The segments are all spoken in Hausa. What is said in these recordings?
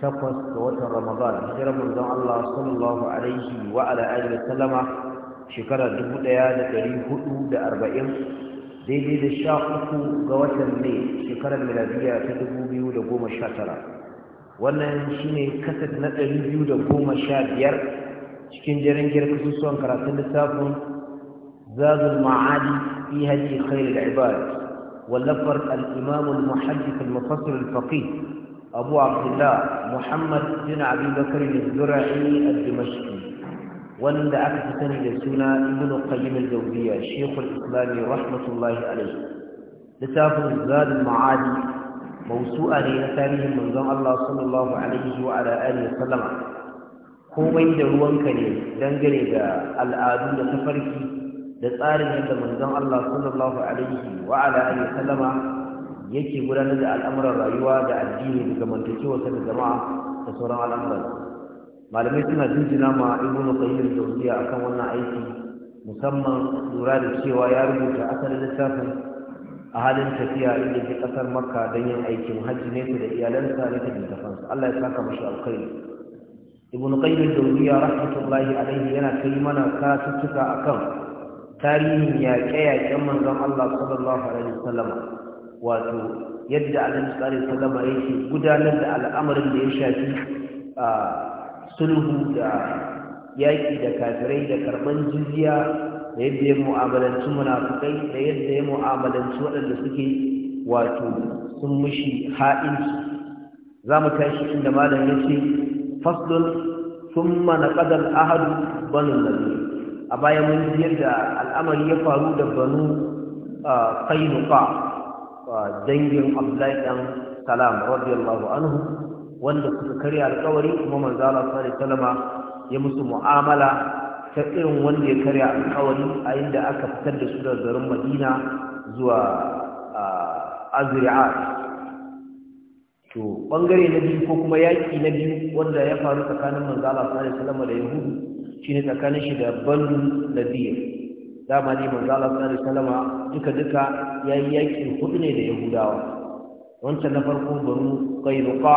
takwas ga watan ramadan hijirar manzon Allah sallallahu alaihi wa ala alihi hudu da arba'in, daidai da sha uku ga watan Mai shekarar miladiya ta dubu biyu da goma sha tara, wannan shine kasar na biyu da goma sha biyar, cikin jerin girkusuwan karatun lissafin zazul ma'adi fi hadi khairul ibad wallafar al-imam al-muhaddith al-mufassir al-faqih أبو عبد الله محمد بن أبي بكر الزرعي الدمشقي وند أكثر لسنا ابن القيم الجوزية شيخ الإسلام رحمة الله عليه لتافه زاد المعادي موسوعة لنتانه من ذن الله صلى الله عليه وعلى آله وسلم komai da ruwanka ne dangane da al'adu da tafarki da tsarin yadda manzon Allah sallallahu alaihi wa ala alihi sallama yake gudanar da al'amuran rayuwa da addini da zamantakewa ta da jama'a da sauran al'amuran malamai suna jinjina ma ibnu qayyim a akan wannan aiki musamman lura da cewa ya rubuta asalin littafin a halin tafiya inda ke ƙasar makka don yin aikin hajji ne da iyalansa ne ta dintafansa allah ya saka mashi alkhairi ibnu qayyim jawziya rahmatullahi alaihi yana kai mana kasuttuka akan tarihin yaƙe-yaƙen manzon allah sallallahu alaihi wasallam wato yadda annabi sallallahu alaihi yake gudanar da al'amarin da ya shafi sulhu da yaƙi da kafirai da karɓan jiziya da yadda ya mu'amalanci munafukai da yadda ya mu'amalanci waɗanda suke wato sun mushi ha'inci za mu tashi inda malam ya ce faslun sun mana ƙadar ahadu banin lalu a bayan mun yadda al'amari ya faru da banu kainuka dangin Abdullahi dan Salam radiyallahu anhu wanda suka karya alƙawari kuma manzo Allah sallallahu alaihi ya musu mu'amala ta irin wanda ya karya alƙawari a inda aka fitar da su daga garin Madina zuwa Azri'at to bangare na biyu ko kuma yaki na biyu wanda ya faru tsakanin manzo Allah sallallahu alaihi wasallam da Yahudu shine tsakanin shi da Banu Nadir dama ne manzo Allah sallallahu alaihi duka duka ya yi huɗu hudu ne da yahudawa wancan na farko banu kairuka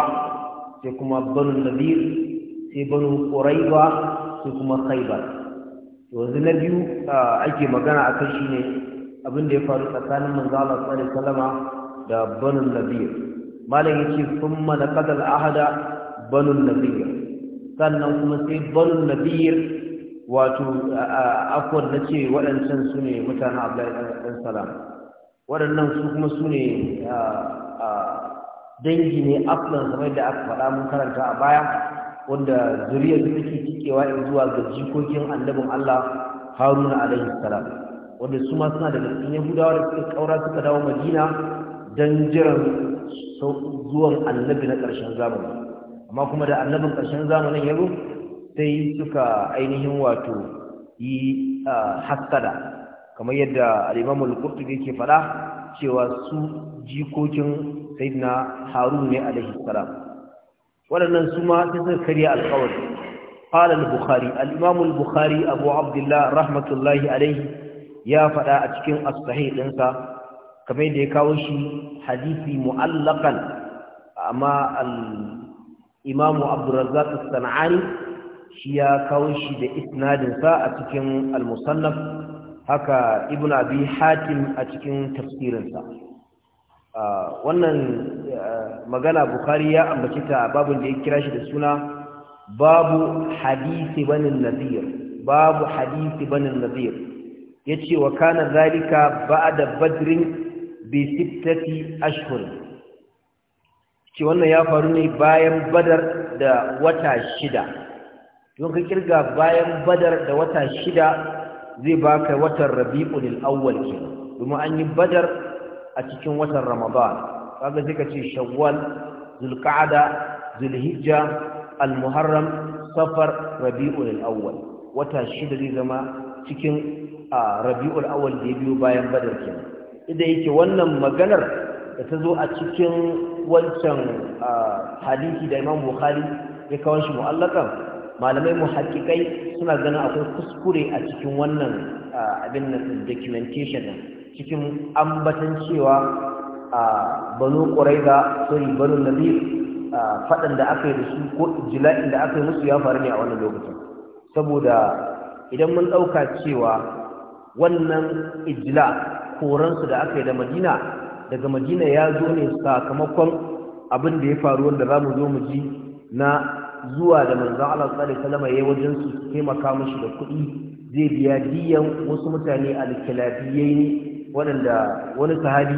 sai kuma banu nadir sai banu ƙuraiba sai kuma khaibar yanzu na biyu ake magana a kan shi ne abin da ya faru tsakanin manzo Allah sallallahu alaihi wasallama da banu nadir malam yace thumma laqad al-ahada banu nadir sannan kuma sai banu nadir wato akwai na ce waɗancan su ne mutanen abdullahi ɗan salam waɗannan su kuma su ne dangi ne aflan zama da aka faɗa mun karanta a baya wanda zuriyar take cikewa in zuwa ga jikokin annabin Allah Haruna alaihi salam wanda su ma suna daga cikin Yahudawa da suka kaura suka dawo Madina dan jiran zuwan annabi na ƙarshen zamani amma kuma da annabin ƙarshen zamanin ya zo sai suka ainihin wato yi hassada kamar yadda al-Imam ke yake fada cewa su jikokin sayyidina Harun ne alaihi salam waɗannan su ma sai suka karya alƙawari qala al-Bukhari al-Imam al-Bukhari Abu Abdullah rahmatullahi alaihi ya fada a cikin as-sahih dinsa kamar yadda ya kawo shi hadisi mu'allaqan amma al-Imam Abdurrazzaq as-San'ani shi ya kawo shi da isnadin sa a cikin al-Musannaf haka ibn abi hatim a cikin tafsirinsa wannan magana bukari ya ambaci ta babin da ya kira shi da suna babu hadisi banin nazir babu hadisi banin nazir ce, wa kana zalika da badrin bi sittati ashhur ce wannan ya faru ne bayan badar da wata shida don ka kirga bayan badar da wata shida zai baka watan Rabi'u awwal ke domin an yi badar a cikin watan ramadan kaga sai ka ce shawwal zulqa'ada zulhijja almuharram safar rabi'ul awwal wata shida zai zama cikin rabi'ul awwal da ya biyo bayan badar ke idan yake wannan maganar da ta zo a cikin wancan hadisi da imam bukhari ya kawo shi mu'allakan malamai mu hakikai suna ganin akwai kuskure a cikin wannan abin nan documentation cikin ambatan cewa banu quraiza sorry banu nabi fadan da aka yi da su ko jila'in da aka yi musu ya faru ne a wannan lokacin saboda idan mun ɗauka cewa wannan ijla koransu da aka yi da madina daga madina ya zo ne sakamakon abin da ya faru wanda za mu zo mu ji na zuwa da manzan Allah tsari alaihi wasallam wajen su taimaka mashi da kuɗi zai biya diyan wasu mutane al-kilafiyai ne waɗanda wani sahabi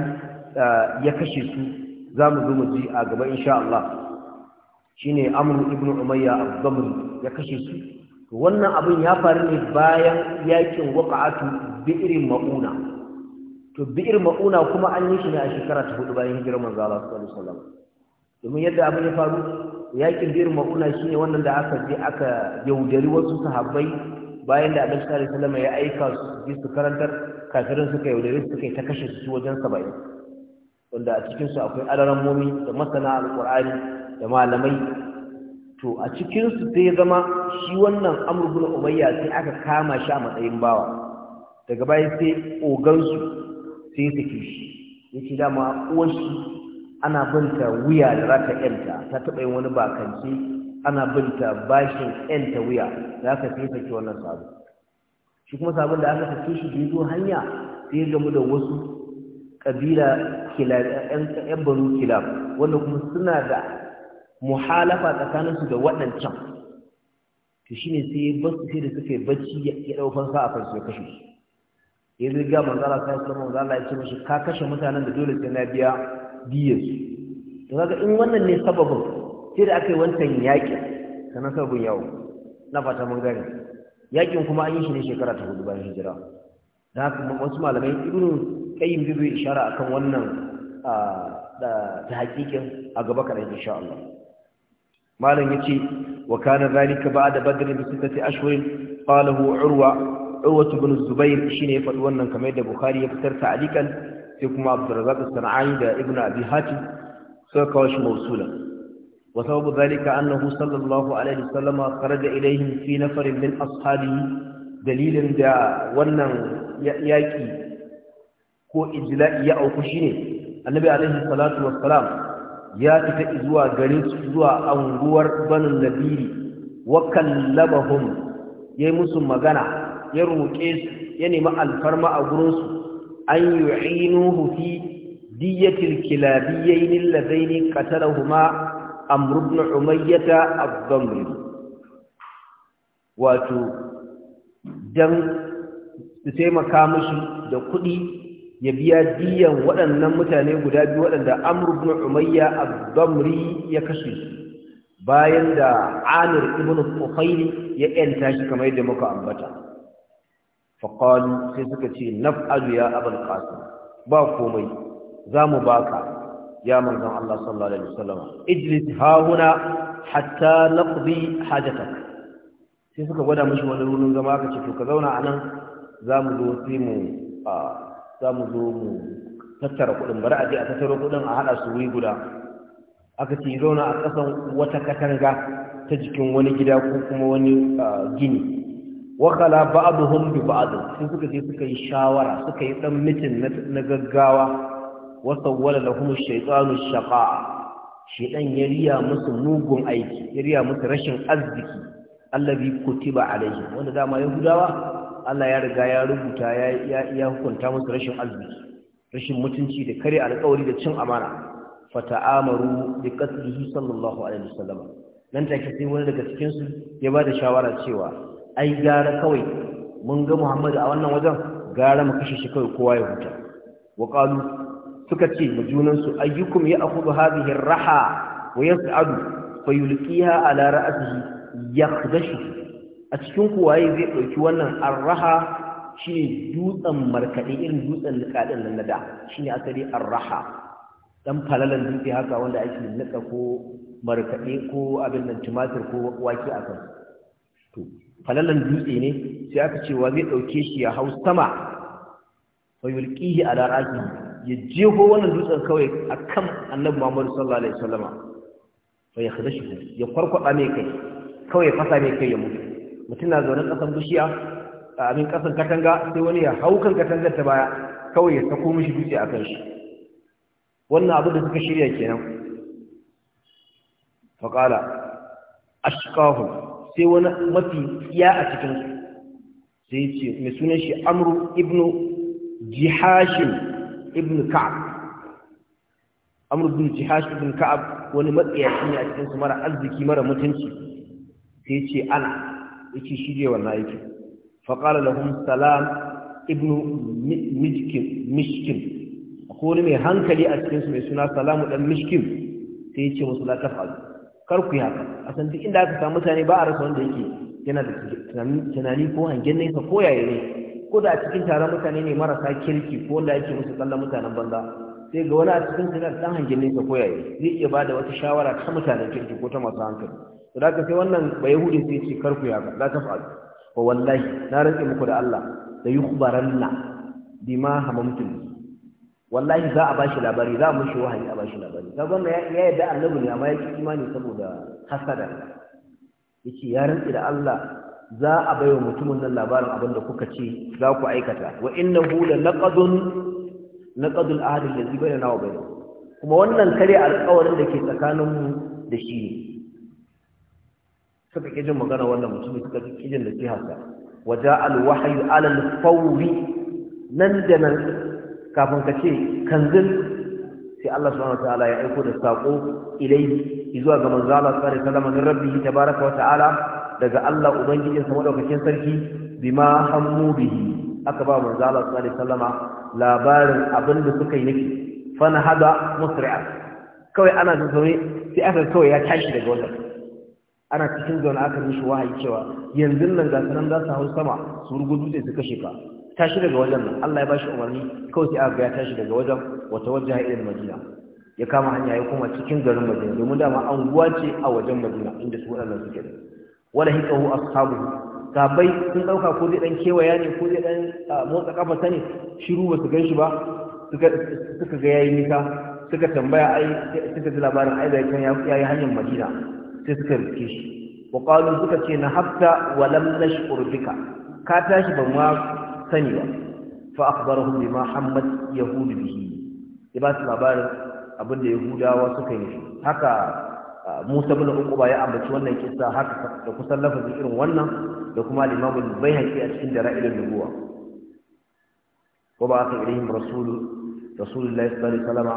ya kashe su za mu zo mu ji a gaba insha Allah Shi ne amur ibn Umayya Abdul ya kashe su wannan abin ya faru ne bayan yakin waqa'atu biirin mauna to bi'ir mauna kuma an yi shi ne a shekara ta hudu bayan hijirar manzo Allah sallallahu alaihi domin yadda abin ya faru yakin bir mauna ne wannan da aka je aka yaudari wasu sahabbai bayan da Annabi sallallahu alaihi wasallam ya aika su su karantar kafirin suka yaudare su suka ta kashe su wajen saba'i wanda a cikin su akwai adaran momi da masana alqur'ani da malamai to a cikin su sai zama shi wannan Amr ibn Umayya sai aka kama shi a matsayin bawa daga bayan sai ogan su sai yake shi yace dama uwan shi ana binta wuya da za ta yanta ta taɓa yin wani bakanci ana binta bashin yanta wuya za ka fi sake wannan sabo shi kuma sabon da aka sake shi bai hanya sai ya gamu da wasu ƙabila ‘yan baru kilab wanda kuma suna da muhalafa tsakaninsu da waɗancan to shi ne sai basu sai da suka yi bacci ya ɗaukar fansa a kansu ya kashe shi ya zirga manzala sai kuma manzala ya ce mashi ka kashe mutanen da dole sai na biya diyarsu to kaga in wannan ne sababin sai da aka yi wancan yaƙin sannan sababin yawo na fata mun gani. yaƙin kuma an yi shi ne shekara ta hudu bayan hijira da haka wasu malamai irin kayin bibi ishara akan wannan ta hakikin a gaba kadan insha Allah malam yace wa kana zalika ba'da badr bi sittati ashhur qalahu urwa urwa ibn zubair shine ya faɗi wannan kamar da bukhari ya fitar ta alikan. sai kuma abdurrazak sana'ani da ibnu abi hatim suka kawo shi mausulan wa sababu zalika annahu sallallahu alaihi wasallam kharaja ilaihim fi nafarin min ashabihi dalilin da wannan yaki ko ijla'i ya auku shine annabi alaihi salatu wassalam ya fita zuwa garin zuwa anguwar banin nabiri wa kallabahum yayi musu magana ya roƙe su ya nemi alfarma a gurinsu. an yu'inuhu hufi diyatil kilabiyyain alladaini qatalahuma amr ibn umayyah ad-damri wato dan su taimaka mishi da kuɗi ya biya diyan waɗannan mutane guda biyu waɗanda amr ibn umayya ad ya kashe su bayan da amir ibn tufaili ya yanta shi kamar yadda muka ambata faƙalu sai suka ce naf'alu ya abin ƙasa ba komai za mu baka ya manzon Allah sallallahu alaihi wasallam ijlis hahuna hatta naqdi hajatak sai suka gwada mishi wani rurin zama aka ce to ka zauna anan za mu zo mu za mu zo mu tattara kuɗin bari a je a tattaro kuɗin a haɗa su wuri guda aka ce zauna a ƙasan wata katanga ta jikin wani gida ko kuma wani gini wakala ba'aduhum bi ba'd sai suka je suka yi shawara suka yi dan mitin na gaggawa wa sawwala lahum ash-shaytanu ash shaqa shedan ya riya musu mugun aiki ya musu rashin arziki allazi kutiba alaihi wanda dama yahudawa Allah ya riga ya rubuta ya ya hukunta musu rashin arziki rashin mutunci da kare alƙawari da cin amana fata'amaru bi qatlihi sallallahu alaihi wasallam nan take sai wani daga cikin su ya bada shawara cewa ai gara kawai mun ga muhammadu a wannan wajen gara mu kashe shi kawai kowa ya huta wa qalu suka ce mu junansu ayyukum ya akhudhu hadhihi raha wa yas'adu fa yulqiha ala ra'sihi yakhdashu a cikin kuwaye zai ɗauki wannan arraha raha shine dutsen markaɗe irin dutsen likadin nan da shine asali arraha. dan falalan dutse haka wanda ake nika ko markaɗe ko abin nan tumatir ko wake akan to falalan dutse ne sai aka ce wa zai ɗauke shi ya hau sama wa yulqihi ala rasi ya jeho wannan dutsen kawai akan annabi Muhammad sallallahu alaihi wasallama fa ya shi ya farkwada mai kai kawai fasa mai kai ya mutu mutum na zaune kasan bishiya a abin kasan katanga sai wani ya hau kan katangar ta baya kawai ya sako mishi dutse kan shi wannan abin da suka shirya kenan faqala ashqahu sai wani mafi tsiya a cikinsu sai ce mai sunan shi amru ibnu jihashin ibnu ka'ab amru ibnu jihash ibnu ka'ab wani matsayaci ne a cikinsu mara arziki mara mutunci sai ce ana yake shirye wannan aikin faƙala lahum salam ibnu mishkin akwai wani mai hankali a cikinsu mai suna salamu ɗan mishkin sai ce musu la tafalu kar ku yi haka a san duk inda aka samu mutane ba a rasa wanda yake yana da tunani ko hangen nesa ko yaya ne ko da a cikin taron mutane ne marasa kirki ko wanda yake musu tsallan mutanen banza sai ga wani a cikin su yana hangen nesa ko yaya zai iya ba da wata shawara ta mutanen kirki ko ta masu hankali to da sai wannan ba yahudi sai ce kar ku yi haka za ta faru wa wallahi na rantse muku da Allah da yukhbaranna bima hamamtun wallahi za a bashi labari za a mushi wahayi a bashi labari ga gwamna ya yadda annabi ne amma ya ki imani saboda hasada yace ya rantsi da Allah za a baiwa mutumin nan labarin abin da kuka ce za ku aikata wa innahu la laqadun laqadul ahd allazi bainana wa bainahu kuma wannan kare alƙawarin da ke tsakanin mu da shi ne suka kijin magana wannan mutumin suka kijin da ke hasa waja alwahyu ala alfawri nan da nan kafin ka ce kanzin? sai Allah subhanahu wataala ya aiko da sako ilai zuwa ga manzo Allah sallallahu alaihi wasallam min rabbihi tabaraka wataala daga Allah ubangijin sa madaukakin sarki bima hammu bihi aka ba manzo Allah sallallahu alaihi wasallama labarin abin da suka yi nake fana hada musri'a kawai ana da zaune sai aka kawai ya tashi daga wannan ana cikin zaune aka mishi wahayi cewa yanzu nan ga sanan za su hau sama su rugu dutse su kashe ka tashi daga wajen nan Allah ya bashi umarni kawai sai aka ga tashi daga wajen wata wajen ila Madina ya kama hanya ya koma cikin garin Madina domin dama anguwa ce a wajen Madina inda su waɗannan suke da wala hikahu ashabu Gabai, sun dauka ko zai dan kewaya ne ko zai dan motsa kafa sani shiru ba su gan shi ba suka suka ga yayi nisa suka tambaya ai suka ji labarin ai zai kan yi hanyar Madina sai suka rike shi wa qalu suka ce na hafta wa lam nashkur bika ka tashi ba ma sani ba fa akhbarahum bima hammat yahud bihi ya ba labarin abinda da yahudawa suka yi haka musa bin uquba ya ambaci wannan kissa haka da kusan lafazin irin wannan da kuma al-imam al-baihaqi a cikin dara'il an-nubuwa wa ba'a ilayhim rasulun rasulullahi sallallahu alaihi wasallam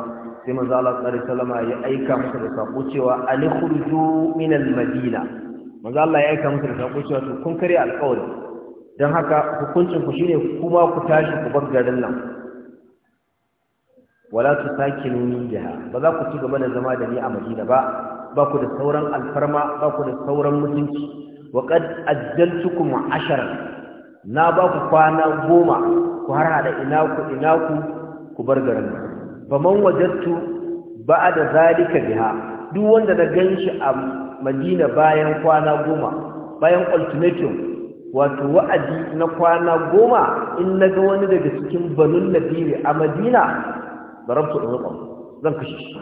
sai manzo Allah sallallahu alaihi wasallam ya aika musu da sako cewa alikhruju min almadina manzo Allah ya aika musu da sako cewa to kun kare alƙawari don haka hukuncin ku shine kuma ku tashi ku bar garin nan wala su sake nuni jiha ba za ku ci gaba da zama da ni a Madina ba ba ku da sauran alfarma ba ku da sauran mutunci wa qad ajjaltukum na ba ku kwana goma ku har hada ina ku ina ku ku bar garin nan man wajadtu ba'da zalika biha duk wanda na ganshi a Madina bayan kwana goma bayan ultimatum wato wa'adi na kwana goma in na ga wani daga cikin banun biyu a madina barabtu da rukun zan kashe shi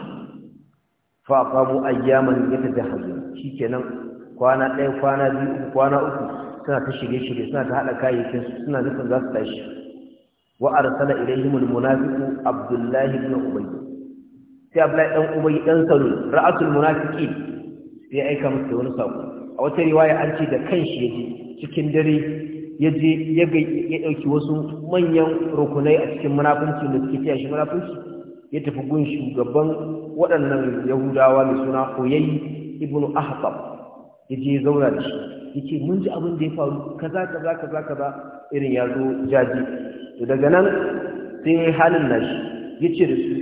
fa qamu ayyaman yatadahhabu shikenan kwana ɗaya kwana biyu kwana uku suna ta shirye shirye suna ta haɗa kayayyakin su suna nufin za su tashi wa arsala ilayhim almunafiqu Abdullahi ibn ubay sai Abdullahi dan ubay dan salul ra'atul munafiqin sai aika musu wani sako a wata riwaya an ce da kanshi yaje cikin dare ya je ya ɗauki wasu manyan rukunai a cikin munafunci da suke tiya shi munafunci ya tafi gun shugaban waɗannan yahudawa mai suna koyayi ibnu Ahabab. ya je zauna da shi ya ce mun ji abin da ya faru kaza kaza kaza kaza irin ya zo jaji to daga nan sai ya halin nashi ya ce da su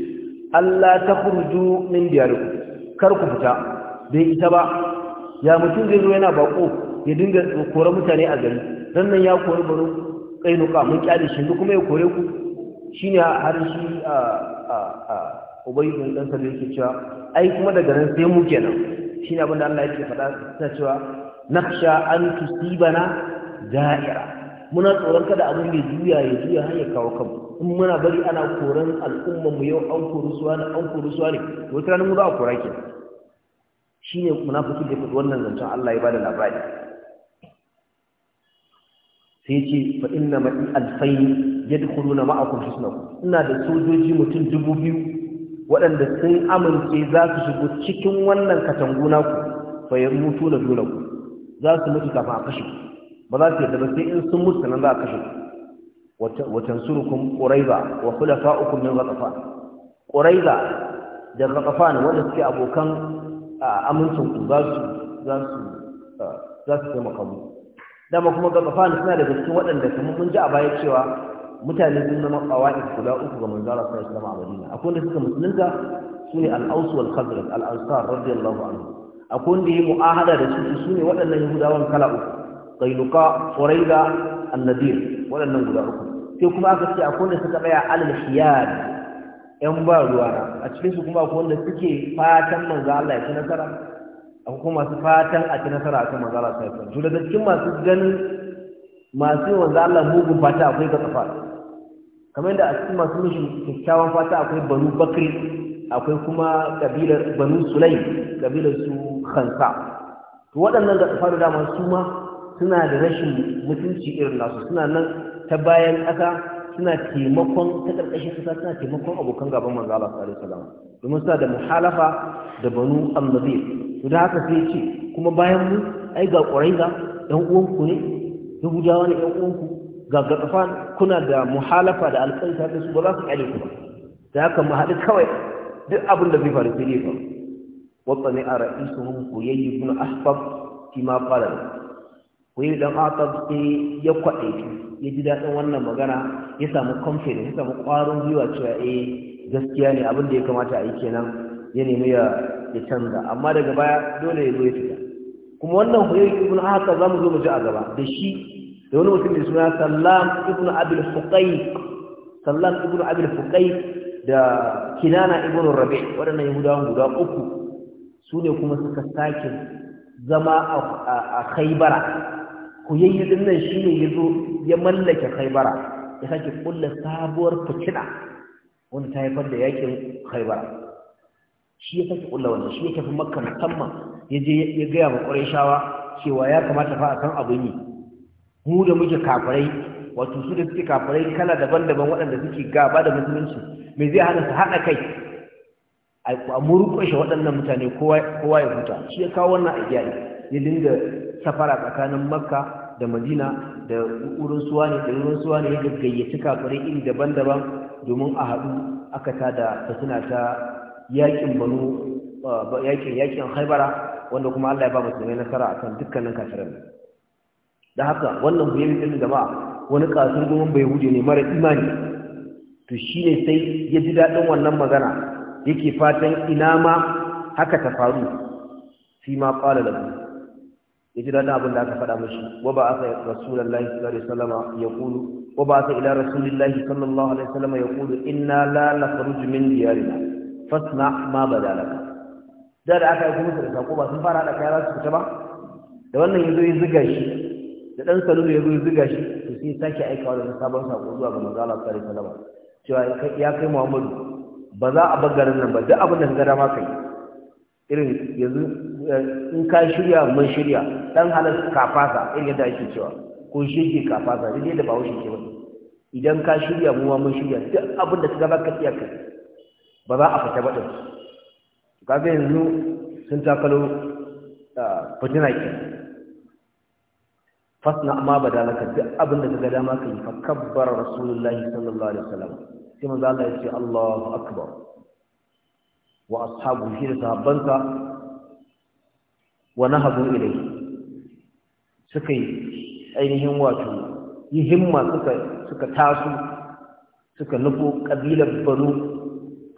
Allah ta furju min diyarku kar ku fita bai ita ba ya mutum zai zo yana bako ya dinga kore mutane a gari nan ya kori baro kainuka mun kyale shi kuma ya kore ku shine har shi a a a ubayi bin dan sanin yake cewa ai kuma daga nan sai mu kenan shine abin da Allah yake faɗa ta cewa nakhsha an tusibana da'ira muna tsoron kada abin da juya ya juya har ya kawo kanmu in muna bari ana koran al'ummar mu yau an kori suwa ne an kori suwa ne wata ranar mu za a kora ke shine munafiki da wannan zancen Allah ya bada labari sai ce fa inna ma alfai yadkhuluna ma'akum hisnaku ina da sojoji mutum dubu biyu waɗanda sun amince za su shigo cikin wannan katanguna ku fa yamutu na dole ku za su mutu kafin a kashe ba za su yarda ba sai in sun mutu nan za a kashe wa tansurukum quraiza wa khulafa'ukum min ghatafan quraiza da ghatafan wanda suke abokan amincin ku za su za su za su taimaka muku dama kuma gabafani suna daga cikin waɗanda kuma mun ji a baya cewa mutane sun zama ƙawa'id guda uku ga manzara sallallahu alaihi wasallam a Madina akwai wanda suka musulunta sune al-Aws wal Khazraj al-Ansar radiyallahu anhu akwai wanda ya mu'ahada da su sune waɗannan Yahudawan kala uku Qainuqa Qurayza An-Nadir waɗannan guda uku sai kuma aka ce akwai wanda suka tsaya al-Hiyad yan ba ruwa a cikin su kuma akwai wanda suke fatan manzo Allah ya ci nasara akwai kuma masu fatan a ci nasara a kan Allah sallallahu alaihi wasallam to daga cikin masu ganin masu yin manzo Allah mugun fata akwai ga kafa kamar yadda a cikin masu mishi kyakkyawan fata akwai banu bakri akwai kuma kabilar banu sulai, kabilar su khansa to waɗannan ga kafa da dama su ma suna da rashin mutunci irin nasu suna nan ta bayan ƙasa suna taimakon ta ƙarƙashin ƙasa suna taimakon abokan gaban manzo Allah sallallahu alaihi wasallam domin sa da muhalafa da banu annabir to da haka sai ce kuma bayan mu ai ga ƙuraiza ɗan uwanku ne yahudawa ne ɗan uwanku ga gatsafan kuna da muhalafa da alƙalta da su ba za su ƙyale ku ba da haka mu haɗu kawai duk abin da zai faru sai dai ba wata ne a ku yayi ibn ahbab ki ma ku yi dan ahbab sai ya kwaɗe ya ji daɗin wannan magana ya samu confidence ya samu ƙwarin gwiwa cewa eh gaskiya ne abin da ya kamata a yi kenan ya nemi ya canza amma daga baya dole ya zo ya fita kuma wannan huyar ibn haka za mu zo mu ji a gaba da shi da wani mutum mai suna sallam ibn abil fuqai sallam ibn abil fuqai da kinana ibn rabi waɗannan yahudawan guda uku su ne kuma suka sake zama a khaibara huyayyi nan shine yazo ya mallake khaibara ya sake kulla sabuwar fitina wanda ta haifar da yakin khaibar shi ya sake kulla wanda shi ya tafi makka musamman ya je ya gaya ma shawa cewa ya kamata fa a san abin yi mu da muke kafirai wato su da suke kafirai kala daban-daban waɗanda suke gaba da musulunci me zai hana su haɗa kai a murƙushe waɗannan mutane kowa ya huta shi ya kawo wannan ajiya ne ya dinga safara tsakanin makka da madina da wurin suwa ne da wurin suwa ne ya gaggayyaci kafirai iri daban-daban domin a haɗu aka tada ta suna ta yakin banu yakin yakin haibara wanda kuma Allah ya ba musulmai nasara kan dukkanin kafirai da haka wannan buyin da jama'a wani kasar domin bai huje ne mara imani to shi ne sai ya ji daɗin wannan magana yake fatan ina ma haka ta faru fi ma qala da ya ji daɗin abin da aka faɗa mashi wa ba aka rasulullahi sallallahu alaihi wasallam ya kulu wa ba aka ila rasulullahi sallallahu alaihi wasallam ya kulu inna la nakhruj min diyarina fasna ma badalaka da da aka yi kuma da sako ba sun fara hada kaya za su fita ba da wannan yazo ya ziga shi da dan salu yazo ya ziga shi to sai sake aikawa da sabon sako zuwa ga manzo Allah sallallahu alaihi wasallam cewa ya kai Muhammadu ba za a bar garin nan ba duk abin da ka ga dama kai irin yanzu Eh, in ka shirya mun shirya dan halar kafasa irin yadda ake cewa ko shirki kafasa dai da ba wuce ke ba idan ka shirya mu ma mun shirya duk abin da kaga baka iya kai ba za a fita ba din kaga yanzu sun takalo ah, fitina ke fasna amma badalaka duk abin da kaga dama kai fa kabbar rasulullahi sallallahu alaihi wasallam sai manzo Allah ya ce Allahu akbar wa ashabu shi da sahabbansa wa nahabu ilai suka yi ainihin wato yi himma suka suka taso suka nufo kabilar banu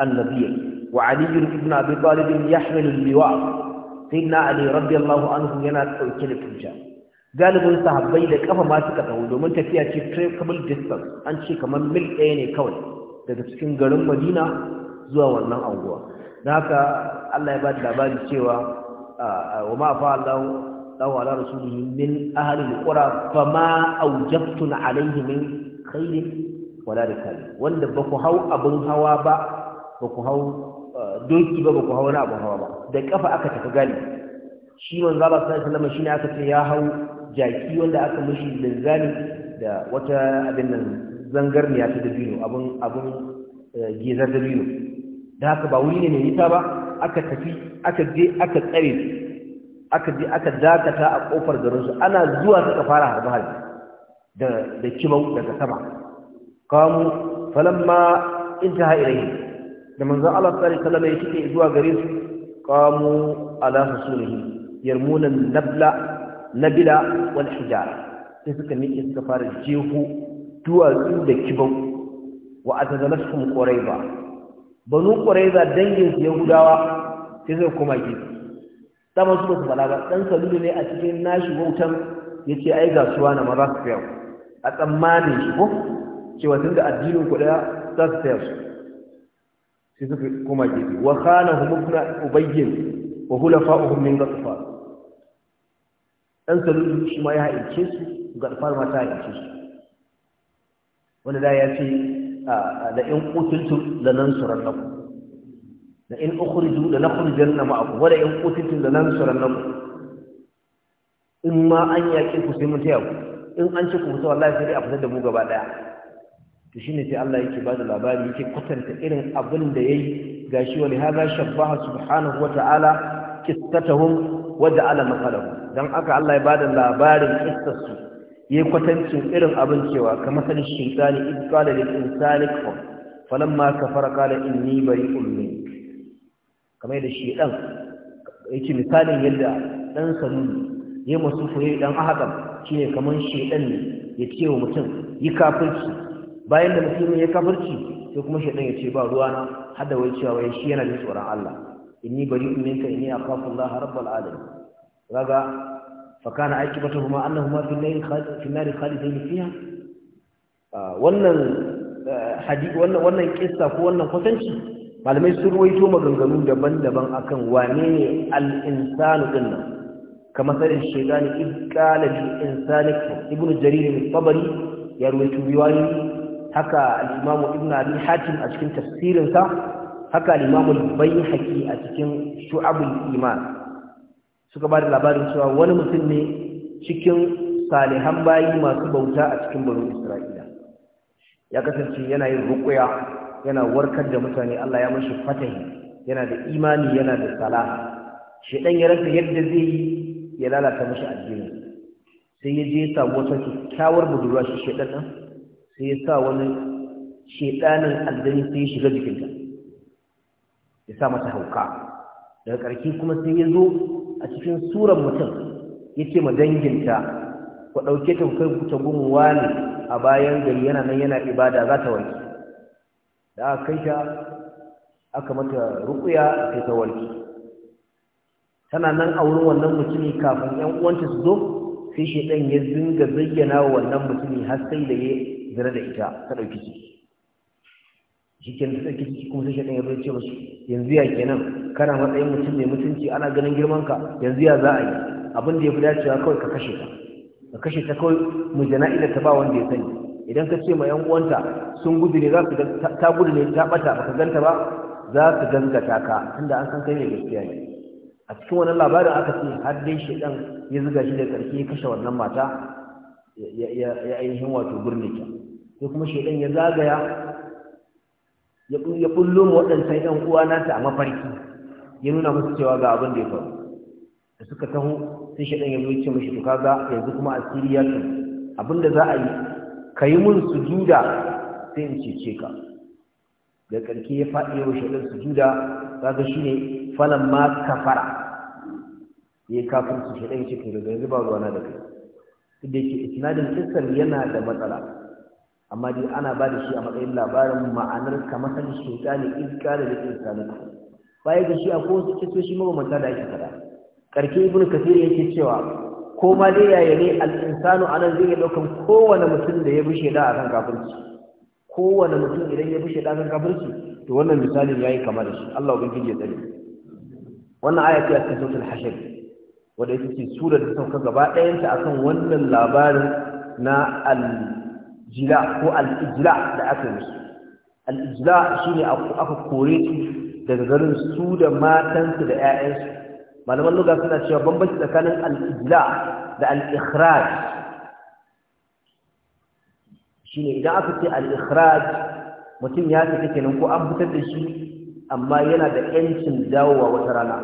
annabiyya wa ali ibn abi talib yahmilu liwa sayyidina ali radiyallahu anhu yana dauke da tuja galibin sahabbai da kafa ma suka domin tafiya ce trackable distance an ce kamar mil ɗaya ne kawai daga cikin garin madina zuwa wannan anguwa da haka allah ya ba da labari cewa wa ma fa Allah lahu ala rasulihi min ahli alqura fama awjabtun alayhi min khairin wala rikal wanda ba ku hau abun hawa ba ba ku hau doki ba ku hau wani abun hawa ba da kafa aka tafi gane shi manzo Allah sallallahu alaihi wasallam shine aka ce ya hau jaki wanda aka mishi linzali da wata abin nan zangarniya ta abun eh, da haka ba wuri ne mai ba aka tafi aka je aka tsare aka je aka dakata a kofar garinsu ana zuwa suka fara harbe da da kibau daga sama kamu falamma intaha ilayhi da manzo Allah sallallahu alaihi wasallam ya zuwa gare su kamu ala husulihi yarmuna nabla nabila wal hijara sai suka miƙe suka fara jehu duwatsu da kibau wa atazalashum ba? banu ƙwarai dangin su yahudawa sai zai kuma gefe sama su ba su balaga ɗan salulu ne a cikin nashi wautan ce ai gasuwa na maza su fiya a tsammanin shi ko cewa da addinin kuɗa za su fiya su sai suka koma gefe wa khanahum ibn ubayyin wa hulafa'uhum min ghatfan ɗan salulu shi ma ya haice su ghatfan mata ta haice su wanda da ya ce Da in da qutiltum lanansurannakum la in ukhriju lanakhrujanna ma'akum wa la in qutiltum lanansurannakum in ma an yaƙi ku sai mun taya ku in an ci ku sai wallahi sai a fitar da mu gaba ɗaya. to shine sai Allah yake ba da labari yake kwatanta irin abin da ya yayi gashi wa lihaza shabbaha subhanahu wa ta'ala qissatahum wa ja'ala masalahu dan aka Allah ya ba da labarin qissarsu yi kwatancin irin abin cewa kamar sanin shaitani in da insani ma ka kafara kala inni bari ummi kamar shi ɗan, yake misalin yadda ɗan sanu ya masu fuye dan ahadam shine kamar ɗan ne ya ce wa mutum yi kafirci bayan da mutum ya kafirci sai kuma ɗan ya ce ba ruwa na hada wai cewa wai shi yana da tsoron Allah inni bari umminka inni akhafu Allah rabbul alamin Fakana aiki bata kuma النار في النار خالدين فيها wannan hadisi wannan wannan ko wannan kwatanci malamai sun ruwaito maganganu daban-daban akan wane ne al-insanu din nan kamar sanin shaytani idqala lil insani ibnu jarir al-tabari ya ruwaito riwayi haka al-imam ibn abi hatim a cikin tafsirinsa haka al-imam al-bayhaqi a cikin shu'abul iman suka ba da labarin cewa wani mutum ne cikin salihan bayi masu bauta a cikin banu isra'ila ya kasance yana yin rukuya yana warkar da mutane Allah ya mashi fatahi yana da imani yana da salaha shedan ya rasa yadda zai yi ya lalata mashi addini sai ya je sa samu wata kyakkyawar budurwa shi shedan nan sai ya sa wani shedanin addini sai ya shiga jikinta ya sa mata hauka daga ƙarshe kuma sai ya zo a cikin suran mutum yake ma danginta ku ɗauke ta kai ta gumuwa ne a bayan gari yana nan yana ibada za ta warke da aka kai ta aka mata ruƙuya sai ta warke tana nan a wurin wannan mutumi kafin 'yan uwanta su zo sai ɗan ya zinga zayyana wa wannan mutumi har sai da ya zira da ita ta ɗauki ciki cikin sarki ciki kuma sai shaɗin ya zai ce musu yanzu ya kenan kana matsayin mutum mai mutunci ana ganin girman ka yanzu ya za a yi abin da ya fi dacewa kawai ka kashe ta ka kashe ta kawai mu jana'ila ta ba wanda ya sani idan ka ce ma yan uwanta sun gudu ne za su ta gudu ne ta bata ka ganta ba za su gangata ka tunda an san kai ne gaskiya ne a cikin wannan labarin aka ce har dai shi ɗan ya zuga shi da ƙarfi ya kashe wannan mata ya ainihin wato birni ta sai kuma shaidan ya zagaya ya kullo mu waɗancan ‘yan uwa nasa a mafarki ya nuna musu cewa ga abin da ya faru da suka taho sai shaɗan ya zoce mashi to kaga yanzu kuma a kan abin da za a yi ka yi mun sujuda sai in cece ka da ƙarke ya faɗi yau shaɗan sujuda kaga shi ne falan ma kafara ya yi kafin su shaɗan ya ce to daga yanzu ba ruwana da kai duk da yake isnadin kissar yana da matsala amma dai ana ba da shi a matsayin labarin ma'anar kamar kan in iska da rikin saliku baya ga shi a kowace shi mabambanta da ake kada karke ibn kasir yake cewa ko ma dai yaya ne al'insanu anan zai iya ɗaukan kowane mutum da ya bushe da a kan kafirci kowane mutum idan ya bushe da a kan kafirci to wannan misalin yayi kama da shi Allah ubangiji ya tsare wannan aya ce a cikin suratul hashr wadda ita ce surar da sauka gaba ɗayanta akan wannan labarin na al jila ko al'ijila da aka musu al'ijila shi ne aka kore su daga garin su da matansu da 'ya'yansu malaman luga suna cewa bambanci tsakanin al'ijila da al'ikhraj shi ne idan aka ce al'ikhraj mutum ya tafi kenan ko an fitar da shi amma yana da 'yancin dawowa wata rana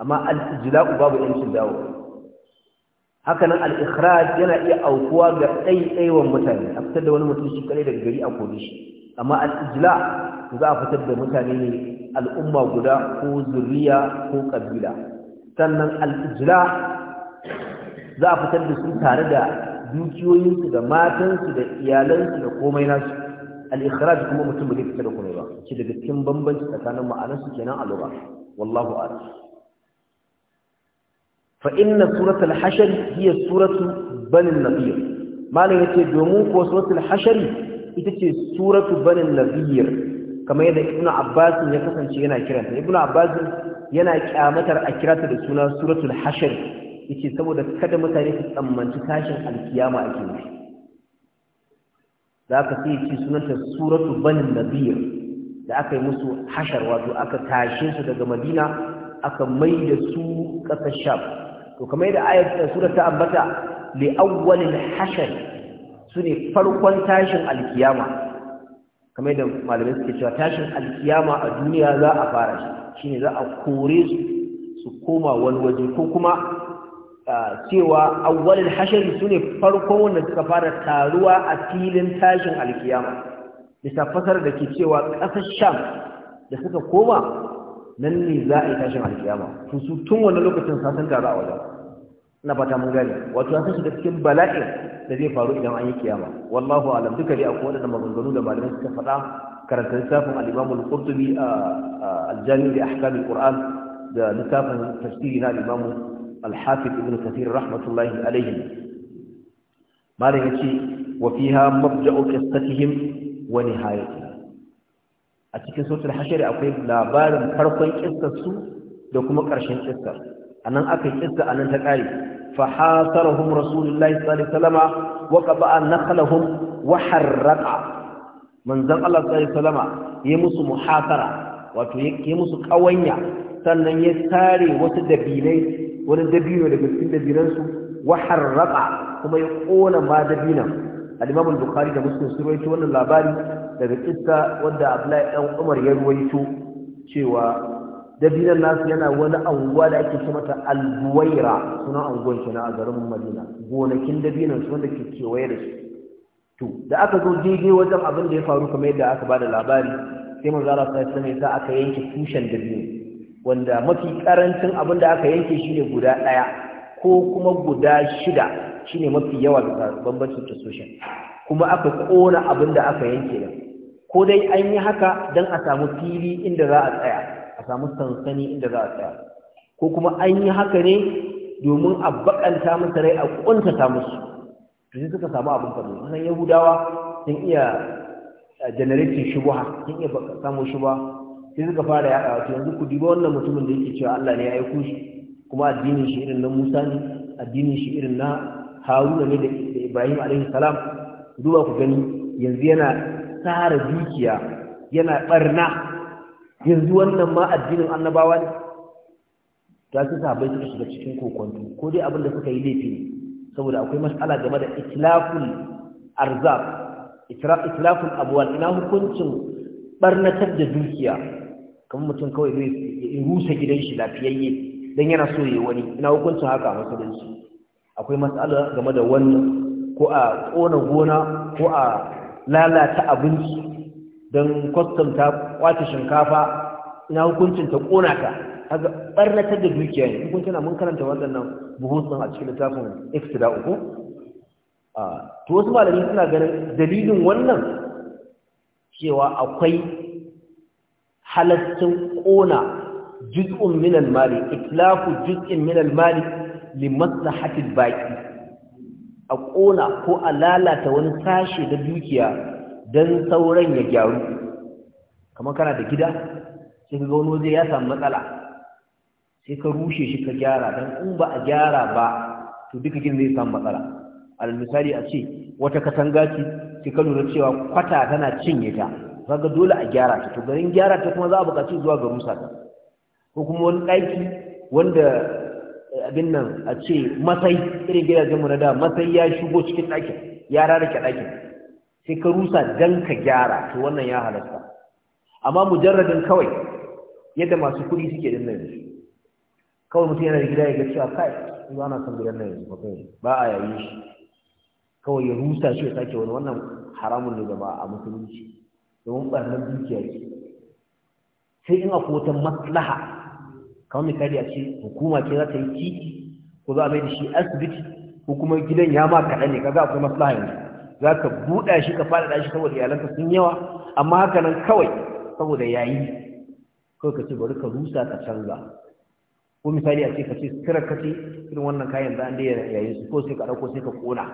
amma al'ijila babu 'yancin dawowa hakanan al yana iya aukuwa ga ɗaiɗaiwan mutane a fitar da wani mutum shi kare daga gari a kore shi amma al'ijila za a fitar da mutane ne al'umma guda ko zuriya ko kabila sannan al'ijila za a fitar da su tare da dukiyoyinsu da matansu da iyalansu da komai nasu al kuma mutum bai fitar da kuma ba shi daga cikin bambanci tsakanin ma'anarsu kenan a lura wallahu a'lam fa inna suratul hashar hiya suratu banin nadir malam yace domin ko suratul hashar ita ce suratu banin nadir kamar yadda ibnu abbas ya kasance yana kiranta ibnu abbas yana kyamatar a kirata da suna suratul hashar yace saboda kada mutane su tsammanci tashin alkiyama ake nufi da aka sai ce sunanta suratu banin nadir da aka yi musu hashar wato aka tashe su daga madina aka mai da su ƙasar sham to kamar da ayat sura ta ambata li awwalil hashar sune farkon tashin alkiyama kamar da malamai suke cewa tashin alkiyama a duniya za a fara shi shine za a kore su su koma wani waje ko kuma cewa awwalil hashari sune farkon wanda suka fara taruwa a filin tashin alkiyama bisa fasar da ke cewa ƙasar sham da suka koma nan ne za a yi tashin alkiyama to su tun wani lokacin sasan taru a wajen na fata mun gane wato an da cikin bala'i da zai faru idan an yi kiyama wallahu alam duka dai akwai wadannan maganganu da malamai suka faɗa karanta littafin al-Imam al-Qurtubi al-Jami' li ahkam al-Qur'an da littafin tafsiri na al-Imam al-Hafiz Ibn Kathir rahmatullahi alayhi malam yace wa fiha mabda'u qissatihim wa nihayatuhum a cikin sautul hashari akwai labarin farkon kissar su da kuma ƙarshen kissar anan aka kissa anan ta kare fa hasarahum rasulullahi sallallahu alaihi wasallama wa qaba nakhlahum wa harraqa manzon Allah sallallahu alaihi wasallama yayi musu muhasara wato yayi musu kawanya sannan ya tare wasu dabilai wani dabino daga cikin dabilansu wa harraqa kuma ya kona ma dabinan al-Imam al-Bukhari da Muslim sun rawaito wannan labari daga kissa wanda Abdullahi dan Umar ya rawaito cewa dabinan nasu yana wani anguwa da ake ce mata albuwaira suna anguwan kenan a garin madina gonakin dabinan su wanda ke kewaye da su to da aka zo daidai wajen abin da ya faru kamar yadda aka bada labari sai manzo Allah sai sai sa aka yanke tushen dabino wanda mafi karancin abin da aka yanke shine guda daya ko kuma guda shida shine mafi yawa da bambancin tushen kuma aka kona abin da aka yanke da ko dai an yi haka dan a samu fili inda za a tsaya a samu sansani inda za a tsaya ko kuma an yi haka ne domin a bakanta masa rai a kuntata musu to sai suka samu abin kallo sannan yahudawa sun iya eh, generating shubuha sun iya samu shubuha sai suka fara yaɗa wato yanzu ku wannan mutumin da yake cewa Allah ne ya aiko shi kuma addinin shi irin na Musa ne addinin shi irin na Haruna ne da Ibrahim alaihi salam duba ku gani yanzu yana tsara dukiya yana barna yanzu wannan ma addinin annabawa ne ta su sahabbai suka shiga cikin kokonto ko dai abin da suka yi laifi ne saboda akwai mas'ala game da itlaful arzab itlaful abwal ina hukuncin barnatar da dukiya kamar mutum kawai zai rusa gidan shi lafiyayye dan yana so yayi wani ina hukuncin haka a musulunci akwai mas'ala game da wannan ko a ƙona gona ko a lalata abinci don kwastam ta kwace shinkafa ina hukuncin ta kona ta haka ɓarnatar da dukiya ne hukuncin mun karanta waɗannan buhutsun a cikin littafin da uku to wasu malami suna ganin dalilin wannan cewa akwai halaccin kona juz'un min al-mali itlafu juz'in min al-mali li maslahati al-baqi a kona ko a lalata wani sashi da dukiya don sauran ya gyaru kamar kana da gida sai ka ga wani waje ya samu matsala sai ka rushe shi ka gyara don in ba a gyara ba to duka gidan zai samu matsala al misali a ce wata katanga ce sai ka lura cewa kwata tana cinye ta kaga dole a gyara ta to garin gyara ta kuma za a buƙaci zuwa ga rusa ta ko kuma wani ɗaki wanda eh, abin nan a ce masai irin gidajen mu na da masai ya shigo cikin ɗakin ya rarrake ɗakin sai ka rusa dan ka gyara to wannan ya halatta amma mujarradin kawai yadda masu kuɗi suke din nan kawai mutum yana da gida ya ga cewa kai in ana son gidan nan yanzu ba a yayi shi kawai ya rusa shi ya sake wani wannan haramun ne gaba a musulunci domin ɓarnar dukiya ce sai in akwai wata maslaha kamar misali a ce hukuma ce za ta yi titi ko za a mai da shi asibiti ko kuma gidan ya ma kaɗan ne kaga akwai maslaha yanzu za ka buɗa shi ka faɗaɗa shi saboda iyalanka sun yawa amma haka nan kawai saboda yayi kawai ka ce bari ka rusa ka canza ko misali a ce ka ce sutura ka ce irin wannan kayan za a daya yayi su ko sai ka ɗauko sai ka ƙona